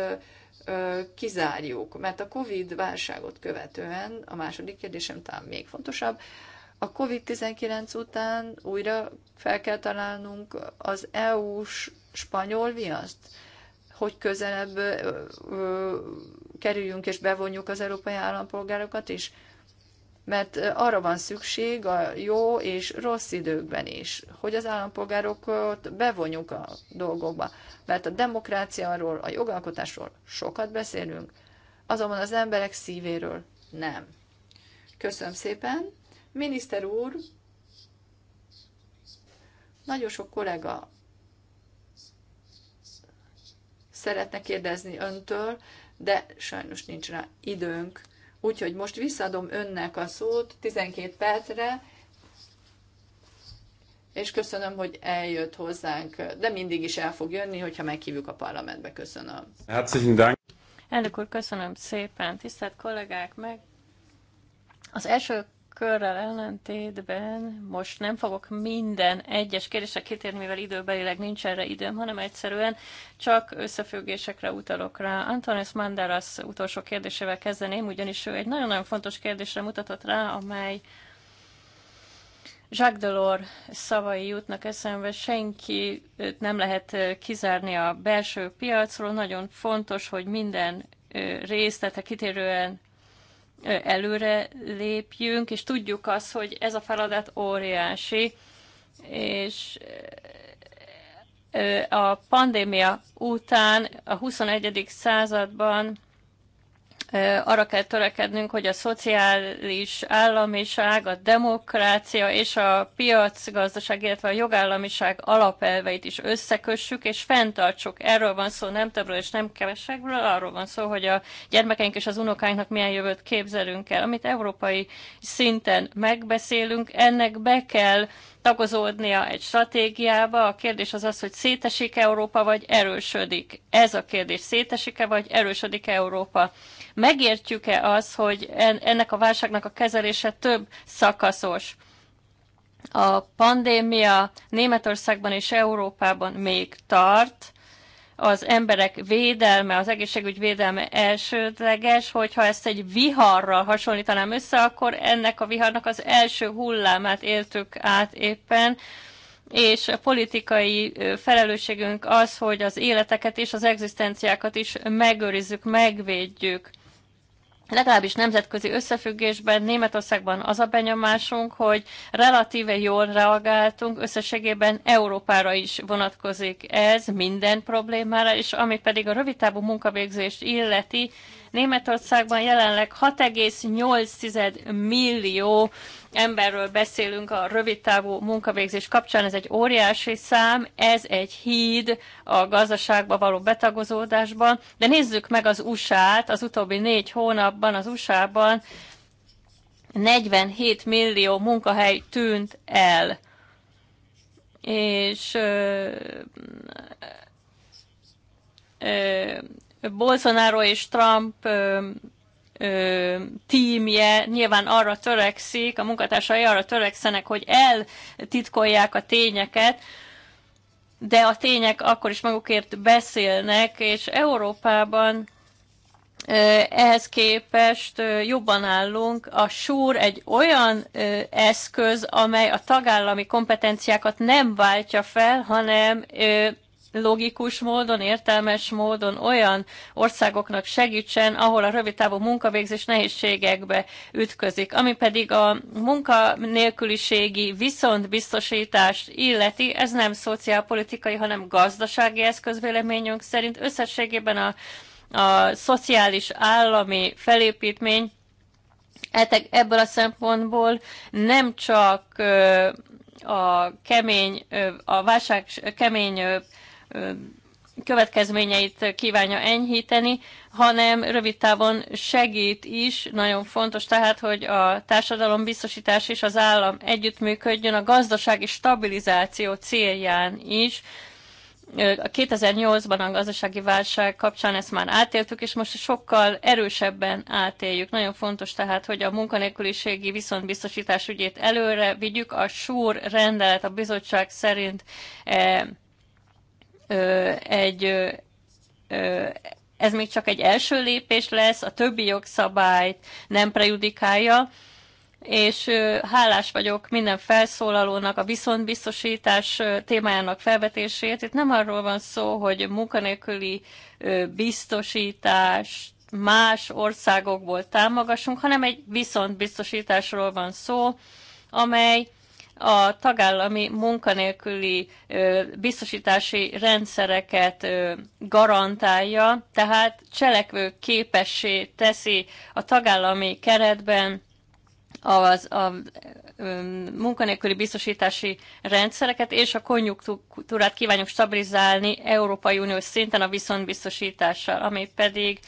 kizárjuk, mert a Covid válságot követően, a második kérdésem talán még fontosabb, a Covid-19 után újra fel kell találnunk az EU-s spanyol viaszt, hogy közelebb ö, ö, kerüljünk és bevonjuk az európai állampolgárokat is mert arra van szükség a jó és rossz időkben is, hogy az állampolgárokat bevonjuk a dolgokba. Mert a demokráciáról, a jogalkotásról sokat beszélünk, azonban az emberek szívéről nem. Köszönöm szépen. Miniszter úr, nagyon sok kollega szeretne kérdezni öntől, de sajnos nincs rá időnk. Úgyhogy most visszadom önnek a szót 12 percre, és köszönöm, hogy eljött hozzánk, de mindig is el fog jönni, hogyha meghívjuk a parlamentbe. Köszönöm. Herzlichen Dank. Elnök úr, köszönöm szépen. Tisztelt kollégák, meg az első körrel ellentétben most nem fogok minden egyes kérdésre kitérni, mivel időbelileg nincs erre időm, hanem egyszerűen csak összefüggésekre utalok rá. Antonis Manderas utolsó kérdésével kezdeném, ugyanis ő egy nagyon-nagyon fontos kérdésre mutatott rá, amely Jacques Delors szavai jutnak eszembe, senki őt nem lehet kizárni a belső piacról, nagyon fontos, hogy minden részlete kitérően előre lépjünk, és tudjuk azt, hogy ez a feladat óriási, és a pandémia után a 21. században arra kell törekednünk, hogy a szociális államiság, a demokrácia és a piacgazdaság, illetve a jogállamiság alapelveit is összekössük és fenntartsuk. Erről van szó nem többről és nem kevesebbről, arról van szó, hogy a gyermekeink és az unokáinknak milyen jövőt képzelünk el. Amit európai szinten megbeszélünk, ennek be kell tagozódnia egy stratégiába. A kérdés az az, hogy szétesik Európa, vagy erősödik. Ez a kérdés, szétesik-e, vagy erősödik Európa. Megértjük-e az, hogy ennek a válságnak a kezelése több szakaszos? A pandémia Németországban és Európában még tart, az emberek védelme, az egészségügy védelme elsődleges, hogyha ezt egy viharral hasonlítanám össze, akkor ennek a viharnak az első hullámát éltük át éppen, és a politikai felelősségünk az, hogy az életeket és az egzisztenciákat is megőrizzük, megvédjük legalábbis nemzetközi összefüggésben Németországban az a benyomásunk, hogy relatíve jól reagáltunk, összességében Európára is vonatkozik ez minden problémára, és ami pedig a rövidtávú munkavégzést illeti, Németországban jelenleg 6,8 millió emberről beszélünk a rövidtávú munkavégzés kapcsán, ez egy óriási szám, ez egy híd a gazdaságba való betagozódásban, de nézzük meg az USA-t, az utóbbi négy hónapban az USA-ban 47 millió munkahely tűnt el. És ö, ö, Bolsonaro és Trump ö, tímje nyilván arra törekszik, a munkatársai arra törekszenek, hogy eltitkolják a tényeket, de a tények akkor is magukért beszélnek, és Európában ehhez képest jobban állunk. A súr egy olyan eszköz, amely a tagállami kompetenciákat nem váltja fel, hanem logikus módon, értelmes módon olyan országoknak segítsen, ahol a rövidtávú munkavégzés nehézségekbe ütközik. Ami pedig a munkanélküliségi viszontbiztosítást illeti, ez nem szociálpolitikai, hanem gazdasági eszközvéleményünk szerint. Összességében a, a szociális állami felépítmény ebből a szempontból nem csak a kemény, a válság kemény következményeit kívánja enyhíteni, hanem rövid távon segít is, nagyon fontos tehát, hogy a társadalombiztosítás és az állam együttműködjön a gazdasági stabilizáció célján is. 2008-ban a gazdasági válság kapcsán ezt már átéltük, és most sokkal erősebben átéljük. Nagyon fontos tehát, hogy a munkanélküliségi viszontbiztosítás ügyét előre vigyük. A súr rendelet a bizottság szerint eh, egy ez még csak egy első lépés lesz, a többi jogszabályt nem prejudikálja, és hálás vagyok minden felszólalónak a viszontbiztosítás témájának felvetését. Itt nem arról van szó, hogy munkanélküli biztosítás más országokból támogassunk, hanem egy viszontbiztosításról van szó, amely a tagállami munkanélküli biztosítási rendszereket garantálja, tehát cselekvő képessé teszi a tagállami keretben az, a munkanélküli biztosítási rendszereket, és a konjunktúrát kívánjuk stabilizálni Európai Unió szinten a viszontbiztosítással, ami pedig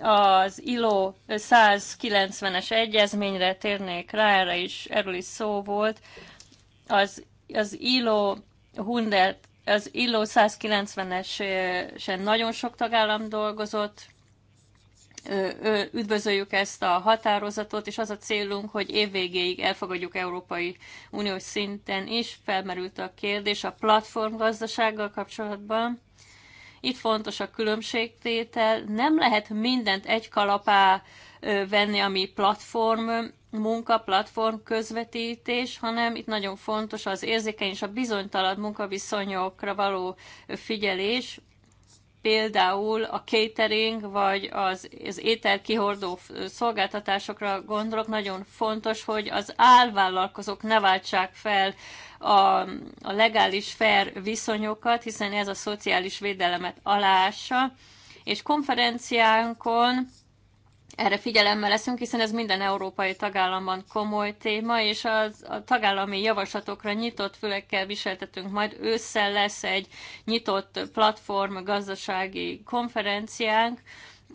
az ILO 190-es egyezményre térnék rá, erre is, erről is szó volt, az, az ILO Hundert, az ILO 190-esen nagyon sok tagállam dolgozott, üdvözöljük ezt a határozatot, és az a célunk, hogy évvégéig elfogadjuk Európai Uniós szinten is. Felmerült a kérdés a gazdasággal kapcsolatban. Itt fontos a különbségtétel. Nem lehet mindent egy kalapá venni, ami platform munka, platform közvetítés, hanem itt nagyon fontos az érzékeny és a bizonytalan munkaviszonyokra való figyelés, például a catering, vagy az, az étel kihordó szolgáltatásokra gondolok, nagyon fontos, hogy az álvállalkozók ne váltsák fel a, a legális fair viszonyokat, hiszen ez a szociális védelemet alása. És konferenciánkon erre figyelemmel leszünk, hiszen ez minden európai tagállamban komoly téma, és az, a tagállami javaslatokra nyitott fülekkel viseltetünk. Majd ősszel lesz egy nyitott platform gazdasági konferenciánk,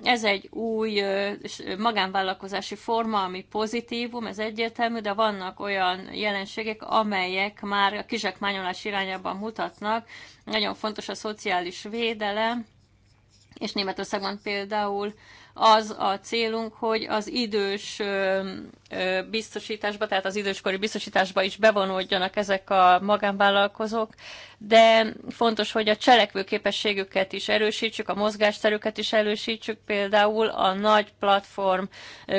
ez egy új magánvállalkozási forma, ami pozitívum, ez egyértelmű, de vannak olyan jelenségek, amelyek már a kizsákmányolás irányában mutatnak. Nagyon fontos a szociális védelem, és Németországban például az a célunk, hogy az idős biztosításba, tehát az időskori biztosításba is bevonódjanak ezek a magánvállalkozók, de fontos, hogy a cselekvőképességüket is erősítsük, a mozgásterüket is erősítsük, például a nagy platform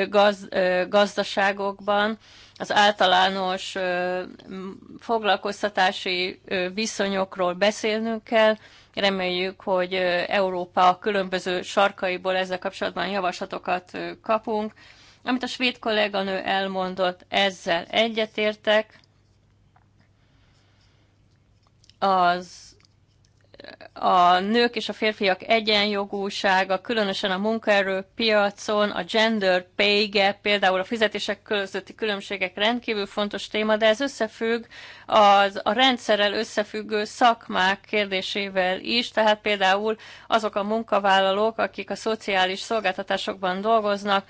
gaz, gazdaságokban, az általános foglalkoztatási viszonyokról beszélnünk kell, Reméljük, hogy Európa különböző sarkaiból ezzel kapcsolatban javaslatokat kapunk. Amit a svéd kolléganő elmondott, ezzel egyetértek. Az a nők és a férfiak egyenjogúsága, különösen a munkaerőpiacon, a gender pay gap, például a fizetések közötti különbségek rendkívül fontos téma, de ez összefügg az, a rendszerrel összefüggő szakmák kérdésével is, tehát például azok a munkavállalók, akik a szociális szolgáltatásokban dolgoznak,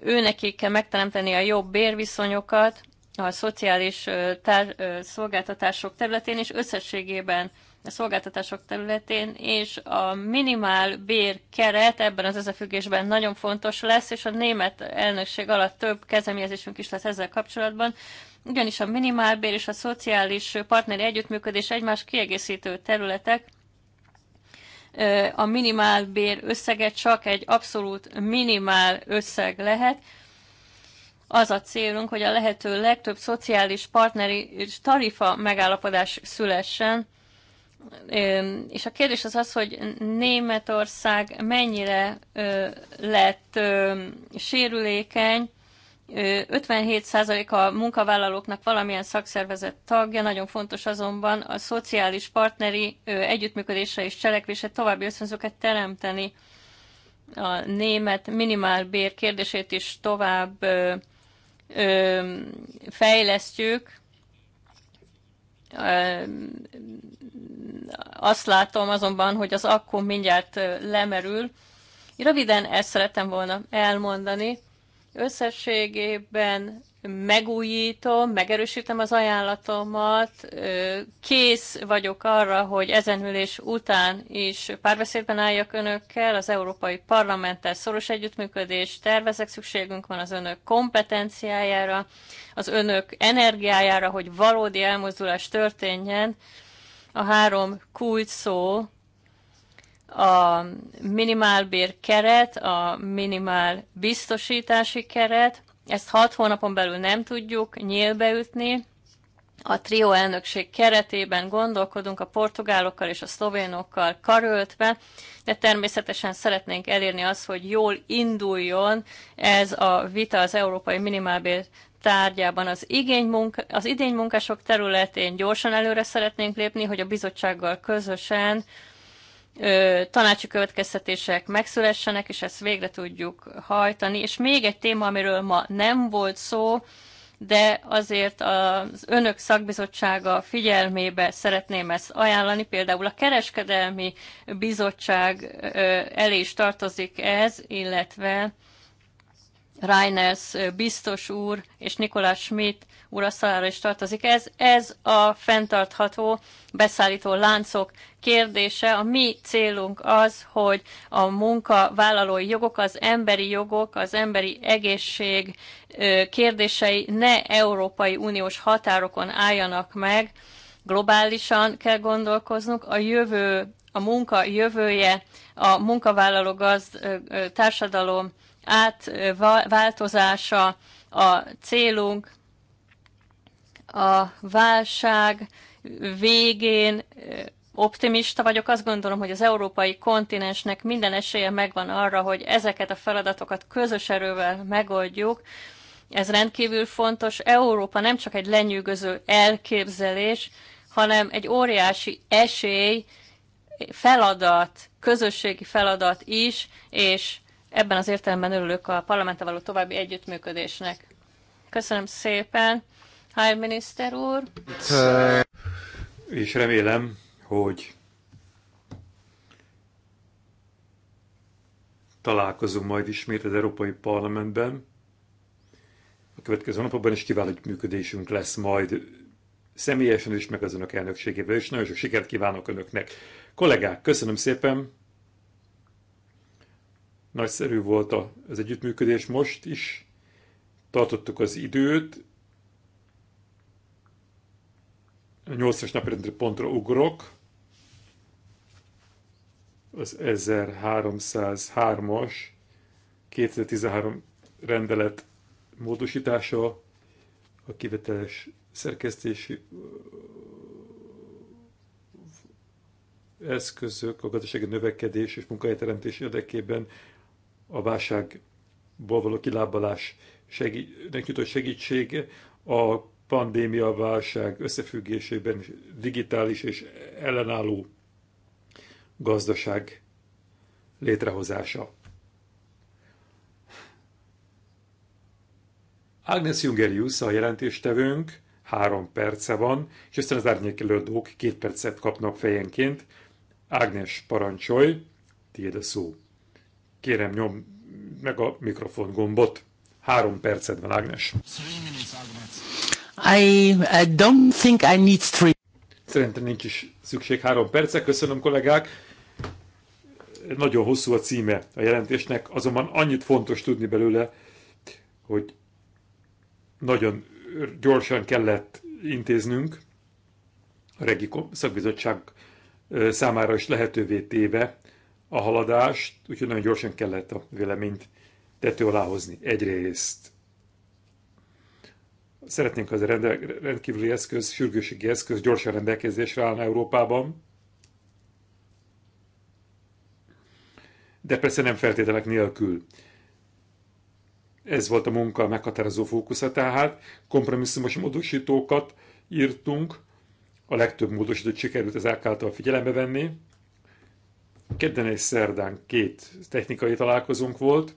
ő, nekik kell megteremteni a jobb bérviszonyokat, a szociális tár, szolgáltatások területén, és összességében a szolgáltatások területén, és a minimál bér keret ebben az összefüggésben nagyon fontos lesz, és a német elnökség alatt több kezdeményezésünk is lesz ezzel kapcsolatban, ugyanis a minimálbér és a szociális partneri együttműködés egymás kiegészítő területek, a minimálbér összege csak egy abszolút minimál összeg lehet, az a célunk, hogy a lehető legtöbb szociális partneri és tarifa megállapodás szülessen, és a kérdés az az, hogy Németország mennyire lett sérülékeny, 57% a munkavállalóknak valamilyen szakszervezet tagja, nagyon fontos azonban a szociális partneri együttműködésre és cselekvésre további ösztönzőket teremteni. A német minimálbér kérdését is tovább fejlesztjük, azt látom azonban, hogy az akkum mindjárt lemerül. Röviden ezt szeretem volna elmondani. Összességében megújítom, megerősítem az ajánlatomat, kész vagyok arra, hogy ezen ülés után is párbeszédben álljak önökkel, az Európai Parlamenttel szoros együttműködés tervezek, szükségünk van az önök kompetenciájára, az önök energiájára, hogy valódi elmozdulás történjen. A három kulcs szó a minimálbér keret, a minimál biztosítási keret, ezt hat hónapon belül nem tudjuk nyílbeütni. A trió elnökség keretében gondolkodunk a portugálokkal és a szlovénokkal karöltve, de természetesen szeretnénk elérni azt, hogy jól induljon ez a vita az európai minimálbér tárgyában az, igény munka, az idénymunkások területén gyorsan előre szeretnénk lépni, hogy a bizottsággal közösen tanácsi következtetések megszülessenek, és ezt végre tudjuk hajtani. És még egy téma, amiről ma nem volt szó, de azért az önök szakbizottsága figyelmébe szeretném ezt ajánlani. Például a kereskedelmi bizottság elé is tartozik ez, illetve Reiners biztos úr és Nikolás Schmidt urasztalára is tartozik. Ez, ez a fenntartható beszállító láncok kérdése. A mi célunk az, hogy a munkavállalói jogok, az emberi jogok, az emberi egészség kérdései ne Európai Uniós határokon álljanak meg. Globálisan kell gondolkoznunk. A jövő, a munka jövője, a munkavállaló gazd, társadalom átváltozása a célunk. A válság végén optimista vagyok, azt gondolom, hogy az európai kontinensnek minden esélye megvan arra, hogy ezeket a feladatokat közös erővel megoldjuk. Ez rendkívül fontos. Európa nem csak egy lenyűgöző elképzelés, hanem egy óriási esély, feladat, közösségi feladat is, és Ebben az értelemben örülök a parlamenttel való további együttműködésnek. Köszönöm szépen, Hájr miniszter úr! És remélem, hogy találkozunk majd ismét az Európai Parlamentben. A következő napokban is kiváló működésünk lesz majd személyesen is, meg az önök elnökségével, is. nagyon sok sikert kívánok önöknek. Kollégák, köszönöm szépen! Nagyszerű volt az együttműködés most is, tartottuk az időt, a nyolcas as pontra ugrok, az 1303-as 2013 rendelet módosítása, a kiveteles szerkesztési eszközök a gazdasági növekedés és munkahelyteremtés érdekében a válságból való kilábalás segít, jutott segítség, a pandémia válság összefüggésében digitális és ellenálló gazdaság létrehozása. Agnes Jungerius a jelentéstevőnk, három perce van, és aztán az árnyékelődők két percet kapnak fejenként. Ágnes, parancsolj, tiéd a szó. Kérem, nyom meg a mikrofon gombot. Három percet van, Ágnes. I, I don't think I need three. Szerintem nincs is szükség három percre. Köszönöm, kollégák. Nagyon hosszú a címe a jelentésnek, azonban annyit fontos tudni belőle, hogy nagyon gyorsan kellett intéznünk a Regi Szakbizottság számára is lehetővé téve, a haladást, úgyhogy nagyon gyorsan kellett a véleményt tető alá hozni. Egyrészt szeretnénk, az rende, rendkívüli eszköz, sürgőségi eszköz gyorsan rendelkezésre állna Európában, de persze nem feltételek nélkül. Ez volt a munka meghatározó fókusza, tehát kompromisszumos módosítókat írtunk, a legtöbb módosítót sikerült ezek által figyelembe venni, Kedden és szerdán két technikai találkozónk volt,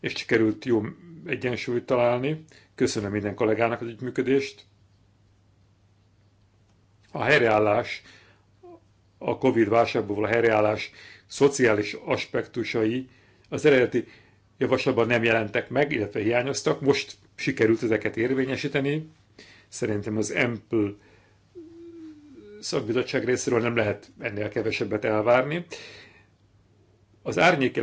és sikerült jó egyensúlyt találni. Köszönöm minden kollégának az együttműködést. A helyreállás, a Covid válságból a helyreállás szociális aspektusai az eredeti javaslatban nem jelentek meg, illetve hiányoztak. Most sikerült ezeket érvényesíteni. Szerintem az Ample szakbizottság részéről nem lehet ennél kevesebbet elvárni. Az árnyék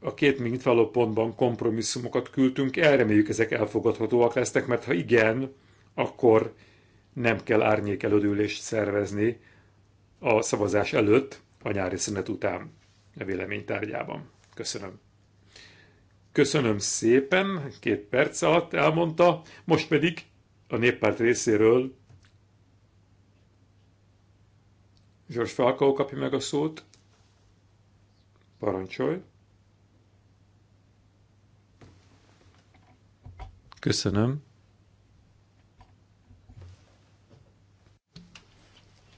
a két mintvaló pontban kompromisszumokat küldtünk elreméljük ezek elfogadhatóak lesznek, mert ha igen, akkor nem kell árnyékelődülést szervezni a szavazás előtt, a nyári szünet után a véleménytárgyában. Köszönöm. Köszönöm szépen, két perc alatt elmondta, most pedig a néppárt részéről George Falcao kapja meg a szót. Parancsolj. Köszönöm.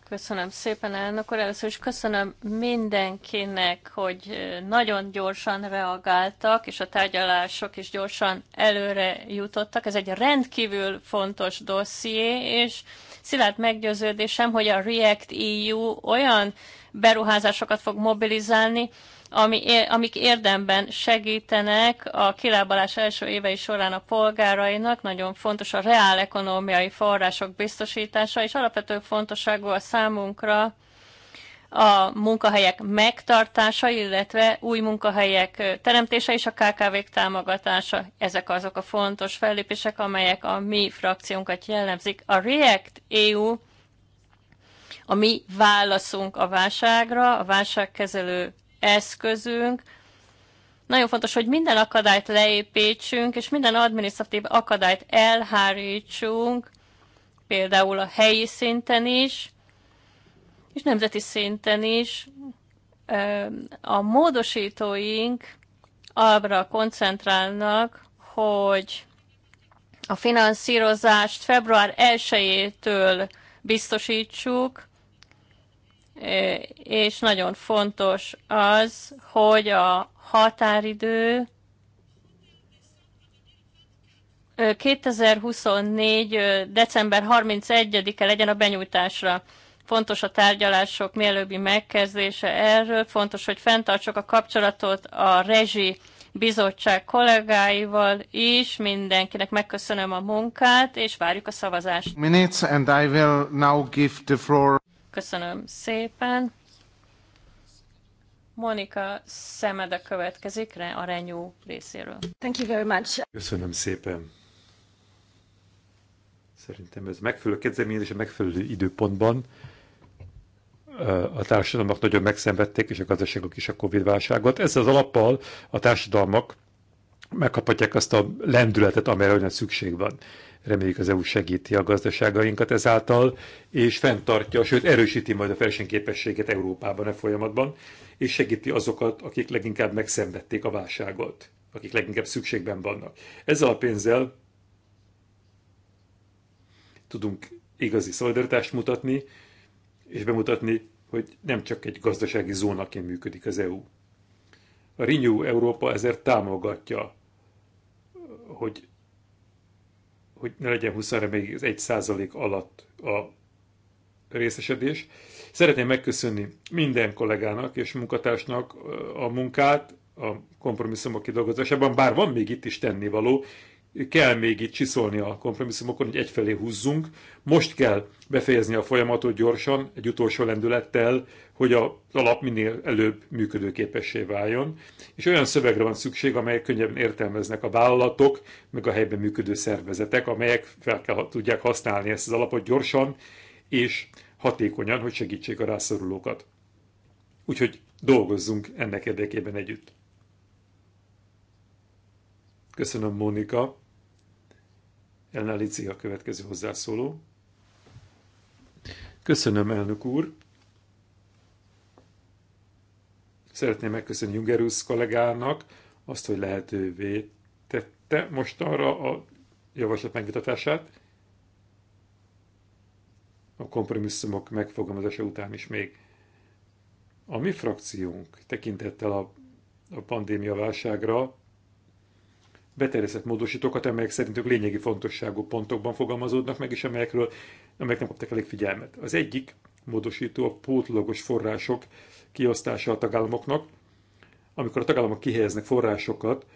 Köszönöm szépen, elnök úr. Először is köszönöm mindenkinek, hogy nagyon gyorsan reagáltak, és a tárgyalások is gyorsan előre jutottak. Ez egy rendkívül fontos dosszié, és Szilárd meggyőződésem, hogy a React EU olyan beruházásokat fog mobilizálni, ami, amik érdemben segítenek a kilábalás első évei során a polgárainak. Nagyon fontos a reál ekonomiai források biztosítása, és alapvető fontosságú a számunkra a munkahelyek megtartása, illetve új munkahelyek teremtése és a KKV-k támogatása. Ezek azok a fontos fellépések, amelyek a mi frakciónkat jellemzik. A React EU a mi válaszunk a válságra, a válságkezelő eszközünk. Nagyon fontos, hogy minden akadályt leépítsünk, és minden administratív akadályt elhárítsunk, például a helyi szinten is, és nemzeti szinten is a módosítóink arra koncentrálnak, hogy a finanszírozást február 1-től biztosítsuk, és nagyon fontos az, hogy a határidő 2024. december 31-e legyen a benyújtásra. Fontos a tárgyalások mielőbbi megkezdése erről, fontos, hogy fenntartsuk a kapcsolatot a rezsi bizottság kollégáival is. Mindenkinek megköszönöm a munkát, és várjuk a szavazást. Minutes and I will now give the floor. Köszönöm szépen. Monika szemed a következik a renyó részéről. Thank you very much. Köszönöm szépen. Szerintem ez megfelelő kezdeményezés a megfelelő időpontban a társadalmak nagyon megszenvedték, és a gazdaságok is a Covid válságot. Ezzel az alappal a társadalmak megkaphatják azt a lendületet, amelyre olyan szükség van. Reméljük az EU segíti a gazdaságainkat ezáltal, és fenntartja, sőt erősíti majd a versenyképességet Európában e folyamatban, és segíti azokat, akik leginkább megszenvedték a válságot, akik leginkább szükségben vannak. Ezzel a pénzzel tudunk igazi szolidaritást mutatni, és bemutatni, hogy nem csak egy gazdasági zónaként működik az EU. A Renew Európa ezért támogatja, hogy, hogy ne legyen 20 még az 1 százalék alatt a részesedés. Szeretném megköszönni minden kollégának és munkatársnak a munkát, a kompromisszumok kidolgozásában, bár van még itt is tennivaló, kell még itt csiszolni a kompromisszumokon, hogy egyfelé húzzunk. Most kell befejezni a folyamatot gyorsan, egy utolsó lendülettel, hogy a alap minél előbb működőképessé váljon. És olyan szövegre van szükség, amelyek könnyebben értelmeznek a vállalatok, meg a helyben működő szervezetek, amelyek fel kell, tudják használni ezt az alapot gyorsan és hatékonyan, hogy segítsék a rászorulókat. Úgyhogy dolgozzunk ennek érdekében együtt. Köszönöm, Mónika. Elna Lici a következő hozzászóló. Köszönöm, elnök úr. Szeretném megköszönni Jungerus kollégának azt, hogy lehetővé tette most arra a javaslat megvitatását. A kompromisszumok megfogalmazása után is még. A mi frakciónk tekintettel a, a pandémia válságra beterjesztett módosítókat, amelyek szerintük lényegi fontosságú pontokban fogalmazódnak meg, és amelyekről, amelyek nem kaptak elég figyelmet. Az egyik módosító a pótlagos források kiosztása a tagállamoknak, amikor a tagállamok kihelyeznek forrásokat,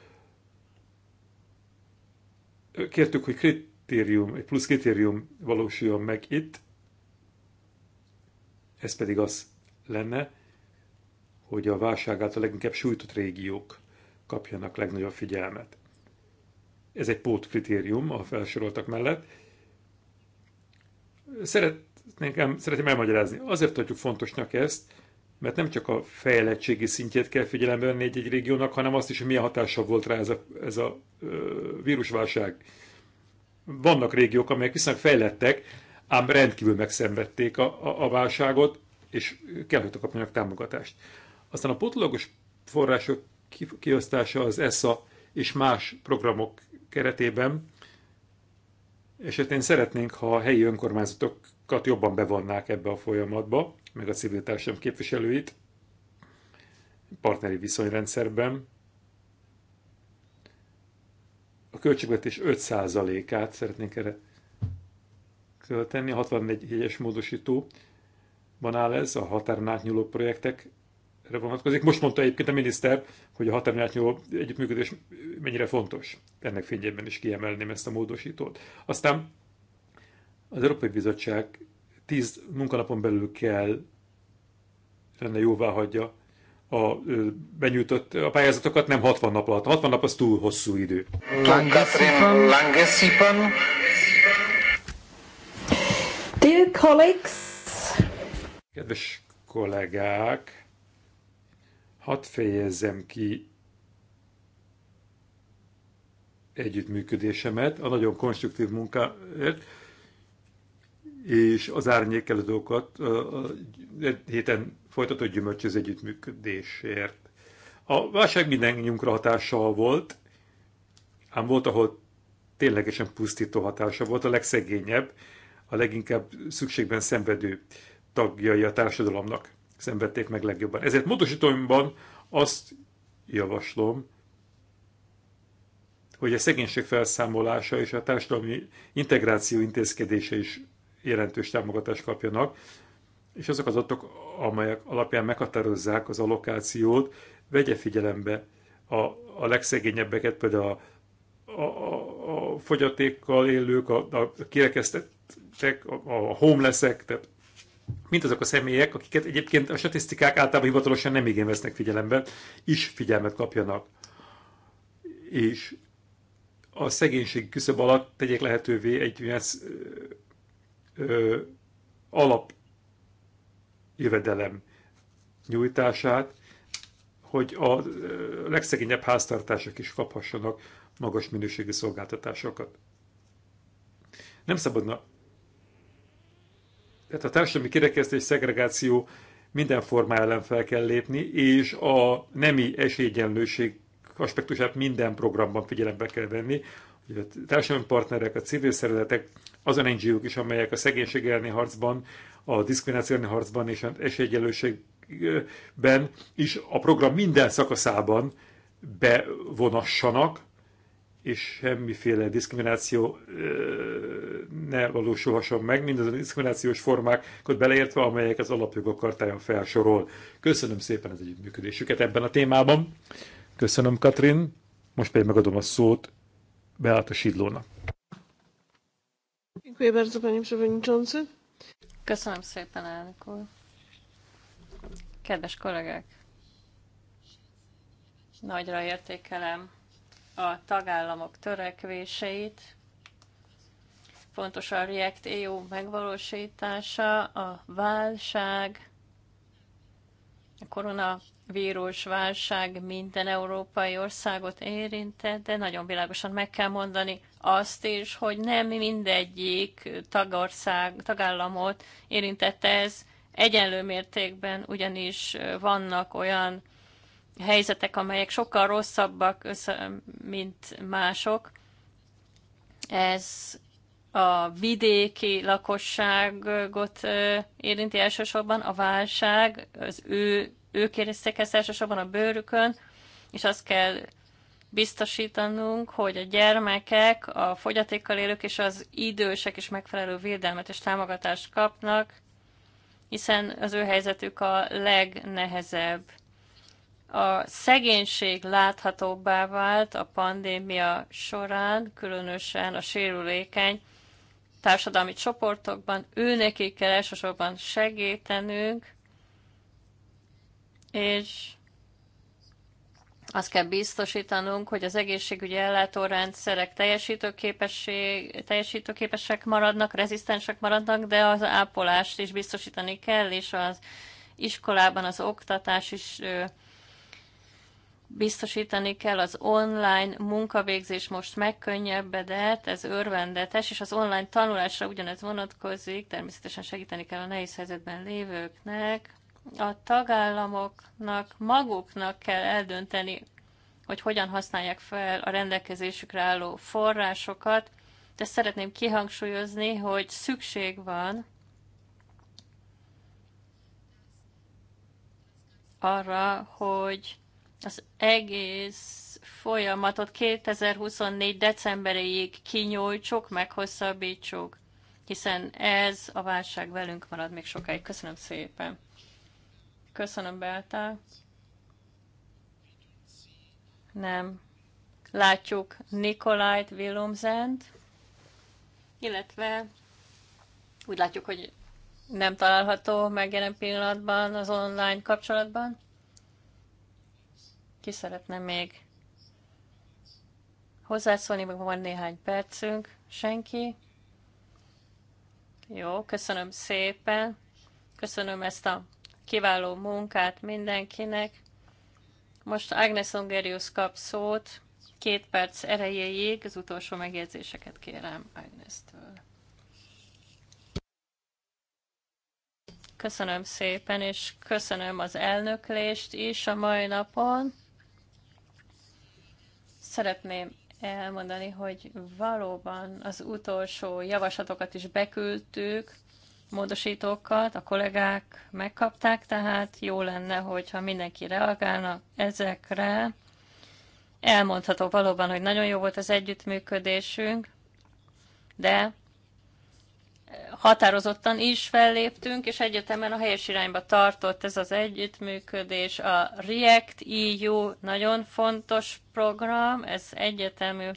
kértük, hogy kritérium, egy plusz kritérium valósuljon meg itt, ez pedig az lenne, hogy a válság által leginkább sújtott régiók kapjanak legnagyobb figyelmet ez egy pótkritérium a felsoroltak mellett. Szeretnénk, szeretném elmagyarázni. Azért tartjuk fontosnak ezt, mert nem csak a fejlettségi szintjét kell figyelembe venni egy-egy régiónak, hanem azt is, hogy milyen hatással volt rá ez a, ez a ö, vírusválság. Vannak régiók, amelyek viszonylag fejlettek, ám rendkívül megszenvedték a, a, a válságot, és kell, hogy kapjanak támogatást. Aztán a potlagos források kiosztása az ESSA és más programok keretében esetén hát szeretnénk, ha a helyi önkormányzatokat jobban bevonnák ebbe a folyamatba, meg a civil társadalom képviselőit, partneri viszonyrendszerben. A költségvetés 5%-át szeretnénk erre költeni, a 64 jegyes módosítóban áll ez, a határon átnyúló projektek vonatkozik. Most mondta egyébként a miniszter, hogy a határon átnyúló együttműködés mennyire fontos. Ennek fényében is kiemelném ezt a módosítót. Aztán az Európai Bizottság 10 munkanapon belül kell lenne jóvá hagyja a benyújtott a pályázatokat, nem 60 nap alatt. 60 nap az túl hosszú idő. Langeszipan. Dear colleagues. Kedves kollégák, Hadd fejezzem ki együttműködésemet a nagyon konstruktív munkáért, és az árnyékelődókat a héten folytatott az együttműködésért. A válság mindennyiunkra hatással volt, ám volt, ahol ténylegesen pusztító hatása volt, a legszegényebb, a leginkább szükségben szenvedő tagjai a társadalomnak szenvedték meg legjobban. Ezért módosítóimban azt javaslom, hogy a szegénység felszámolása és a társadalmi integráció intézkedése is jelentős támogatást kapjanak, és azok az adatok, amelyek alapján meghatározzák az allokációt, vegye figyelembe a, a legszegényebbeket, például a, a, a, fogyatékkal élők, a, a kirekesztettek, a, a homelessek, tehát mint azok a személyek, akiket egyébként a statisztikák általában hivatalosan nem igen vesznek figyelembe, is figyelmet kapjanak. És a szegénység küszöb alatt tegyék lehetővé egy olyan alap jövedelem nyújtását, hogy a legszegényebb háztartások is kaphassanak magas minőségű szolgáltatásokat. Nem szabadna tehát a társadalmi kirekesztés, szegregáció minden formá ellen fel kell lépni, és a nemi esélyegyenlőség aspektusát minden programban figyelembe kell venni, hogy a társadalmi partnerek, a civil szervezetek, azon ngo is, amelyek a szegénység elleni harcban, a diszkrimináció elleni harcban és az esélyegyenlőségben is a program minden szakaszában bevonassanak, és semmiféle diszkrimináció ne valósulhasson meg, mindaz a diszkriminációs formákat beleértve, amelyek az alapjogok kartáján felsorol. Köszönöm szépen az együttműködésüket ebben a témában. Köszönöm, Katrin. Most pedig megadom a szót Beáta Sidlónak. Köszönöm szépen, elnök úr. Kedves kollégák! Nagyra értékelem a tagállamok törekvéseit. Fontos a React EU megvalósítása, a válság, a koronavírus válság minden európai országot érintett, de nagyon világosan meg kell mondani azt is, hogy nem mindegyik tagország, tagállamot érintette ez egyenlő mértékben, ugyanis vannak olyan helyzetek, amelyek sokkal rosszabbak, össze, mint mások. Ez a vidéki lakosságot érinti elsősorban, a válság, az ő, ők érezték ezt elsősorban a bőrükön, és azt kell biztosítanunk, hogy a gyermekek, a fogyatékkal élők és az idősek is megfelelő védelmet és támogatást kapnak, hiszen az ő helyzetük a legnehezebb a szegénység láthatóbbá vált a pandémia során, különösen a sérülékeny társadalmi csoportokban. Őnekik kell elsősorban segítenünk, és azt kell biztosítanunk, hogy az egészségügyi ellátórendszerek teljesítőképesség, teljesítőképesek maradnak, rezisztensek maradnak, de az ápolást is biztosítani kell, és az iskolában az oktatás is biztosítani kell, az online munkavégzés most megkönnyebbedett, ez örvendetes, és az online tanulásra ugyanez vonatkozik, természetesen segíteni kell a nehéz helyzetben lévőknek. A tagállamoknak maguknak kell eldönteni, hogy hogyan használják fel a rendelkezésükre álló forrásokat, de szeretném kihangsúlyozni, hogy szükség van arra, hogy az egész folyamatot 2024. decemberéig kinyújtsuk, meghosszabbítsuk, hiszen ez a válság velünk marad még sokáig. Köszönöm szépen. Köszönöm, Belta. Nem. Látjuk Nikolajt Willumzent, illetve úgy látjuk, hogy nem található meg jelen pillanatban az online kapcsolatban. Ki szeretne még hozzászólni, meg van néhány percünk. Senki? Jó, köszönöm szépen. Köszönöm ezt a kiváló munkát mindenkinek. Most Agnes Ongerius kap szót. Két perc erejéig az utolsó megjegyzéseket kérem Agnestől. Köszönöm szépen, és köszönöm az elnöklést is a mai napon szeretném elmondani, hogy valóban az utolsó javaslatokat is beküldtük, módosítókat, a kollégák megkapták, tehát jó lenne, hogyha mindenki reagálna ezekre. Elmondható valóban, hogy nagyon jó volt az együttműködésünk, de határozottan is felléptünk, és egyetemen a helyes irányba tartott ez az együttműködés. A React EU nagyon fontos program, ez egyetemű.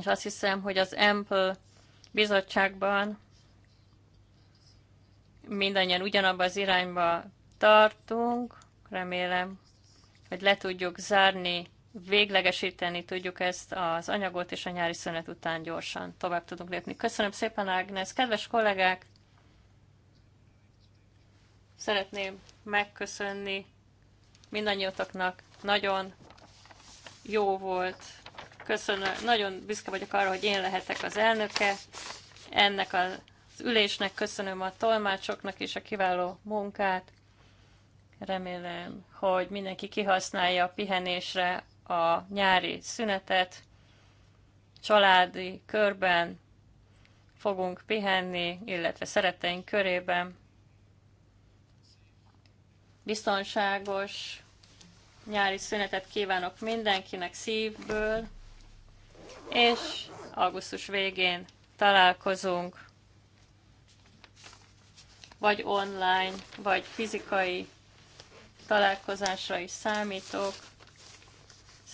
És azt hiszem, hogy az Ample bizottságban mindannyian ugyanabban az irányba tartunk. Remélem, hogy le tudjuk zárni véglegesíteni tudjuk ezt az anyagot, és a nyári szünet után gyorsan tovább tudunk lépni. Köszönöm szépen, Ágnes! Kedves kollégák! Szeretném megköszönni mindannyiatoknak. Nagyon jó volt. Köszönöm. Nagyon büszke vagyok arra, hogy én lehetek az elnöke. Ennek az ülésnek köszönöm a tolmácsoknak és a kiváló munkát. Remélem, hogy mindenki kihasználja a pihenésre a nyári szünetet, családi körben fogunk pihenni, illetve szeretteink körében. Biztonságos nyári szünetet kívánok mindenkinek szívből, és augusztus végén találkozunk, vagy online, vagy fizikai találkozásra is számítok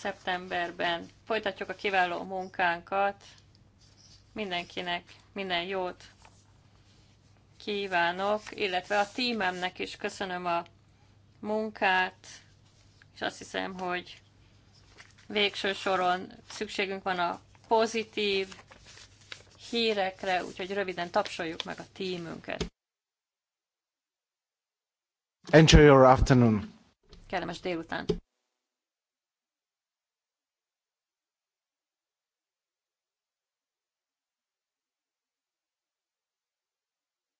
szeptemberben. Folytatjuk a kiváló munkánkat. Mindenkinek minden jót kívánok, illetve a tímemnek is köszönöm a munkát, és azt hiszem, hogy végső soron szükségünk van a pozitív hírekre, úgyhogy röviden tapsoljuk meg a tímünket. Enjoy your afternoon. Kellemes délután.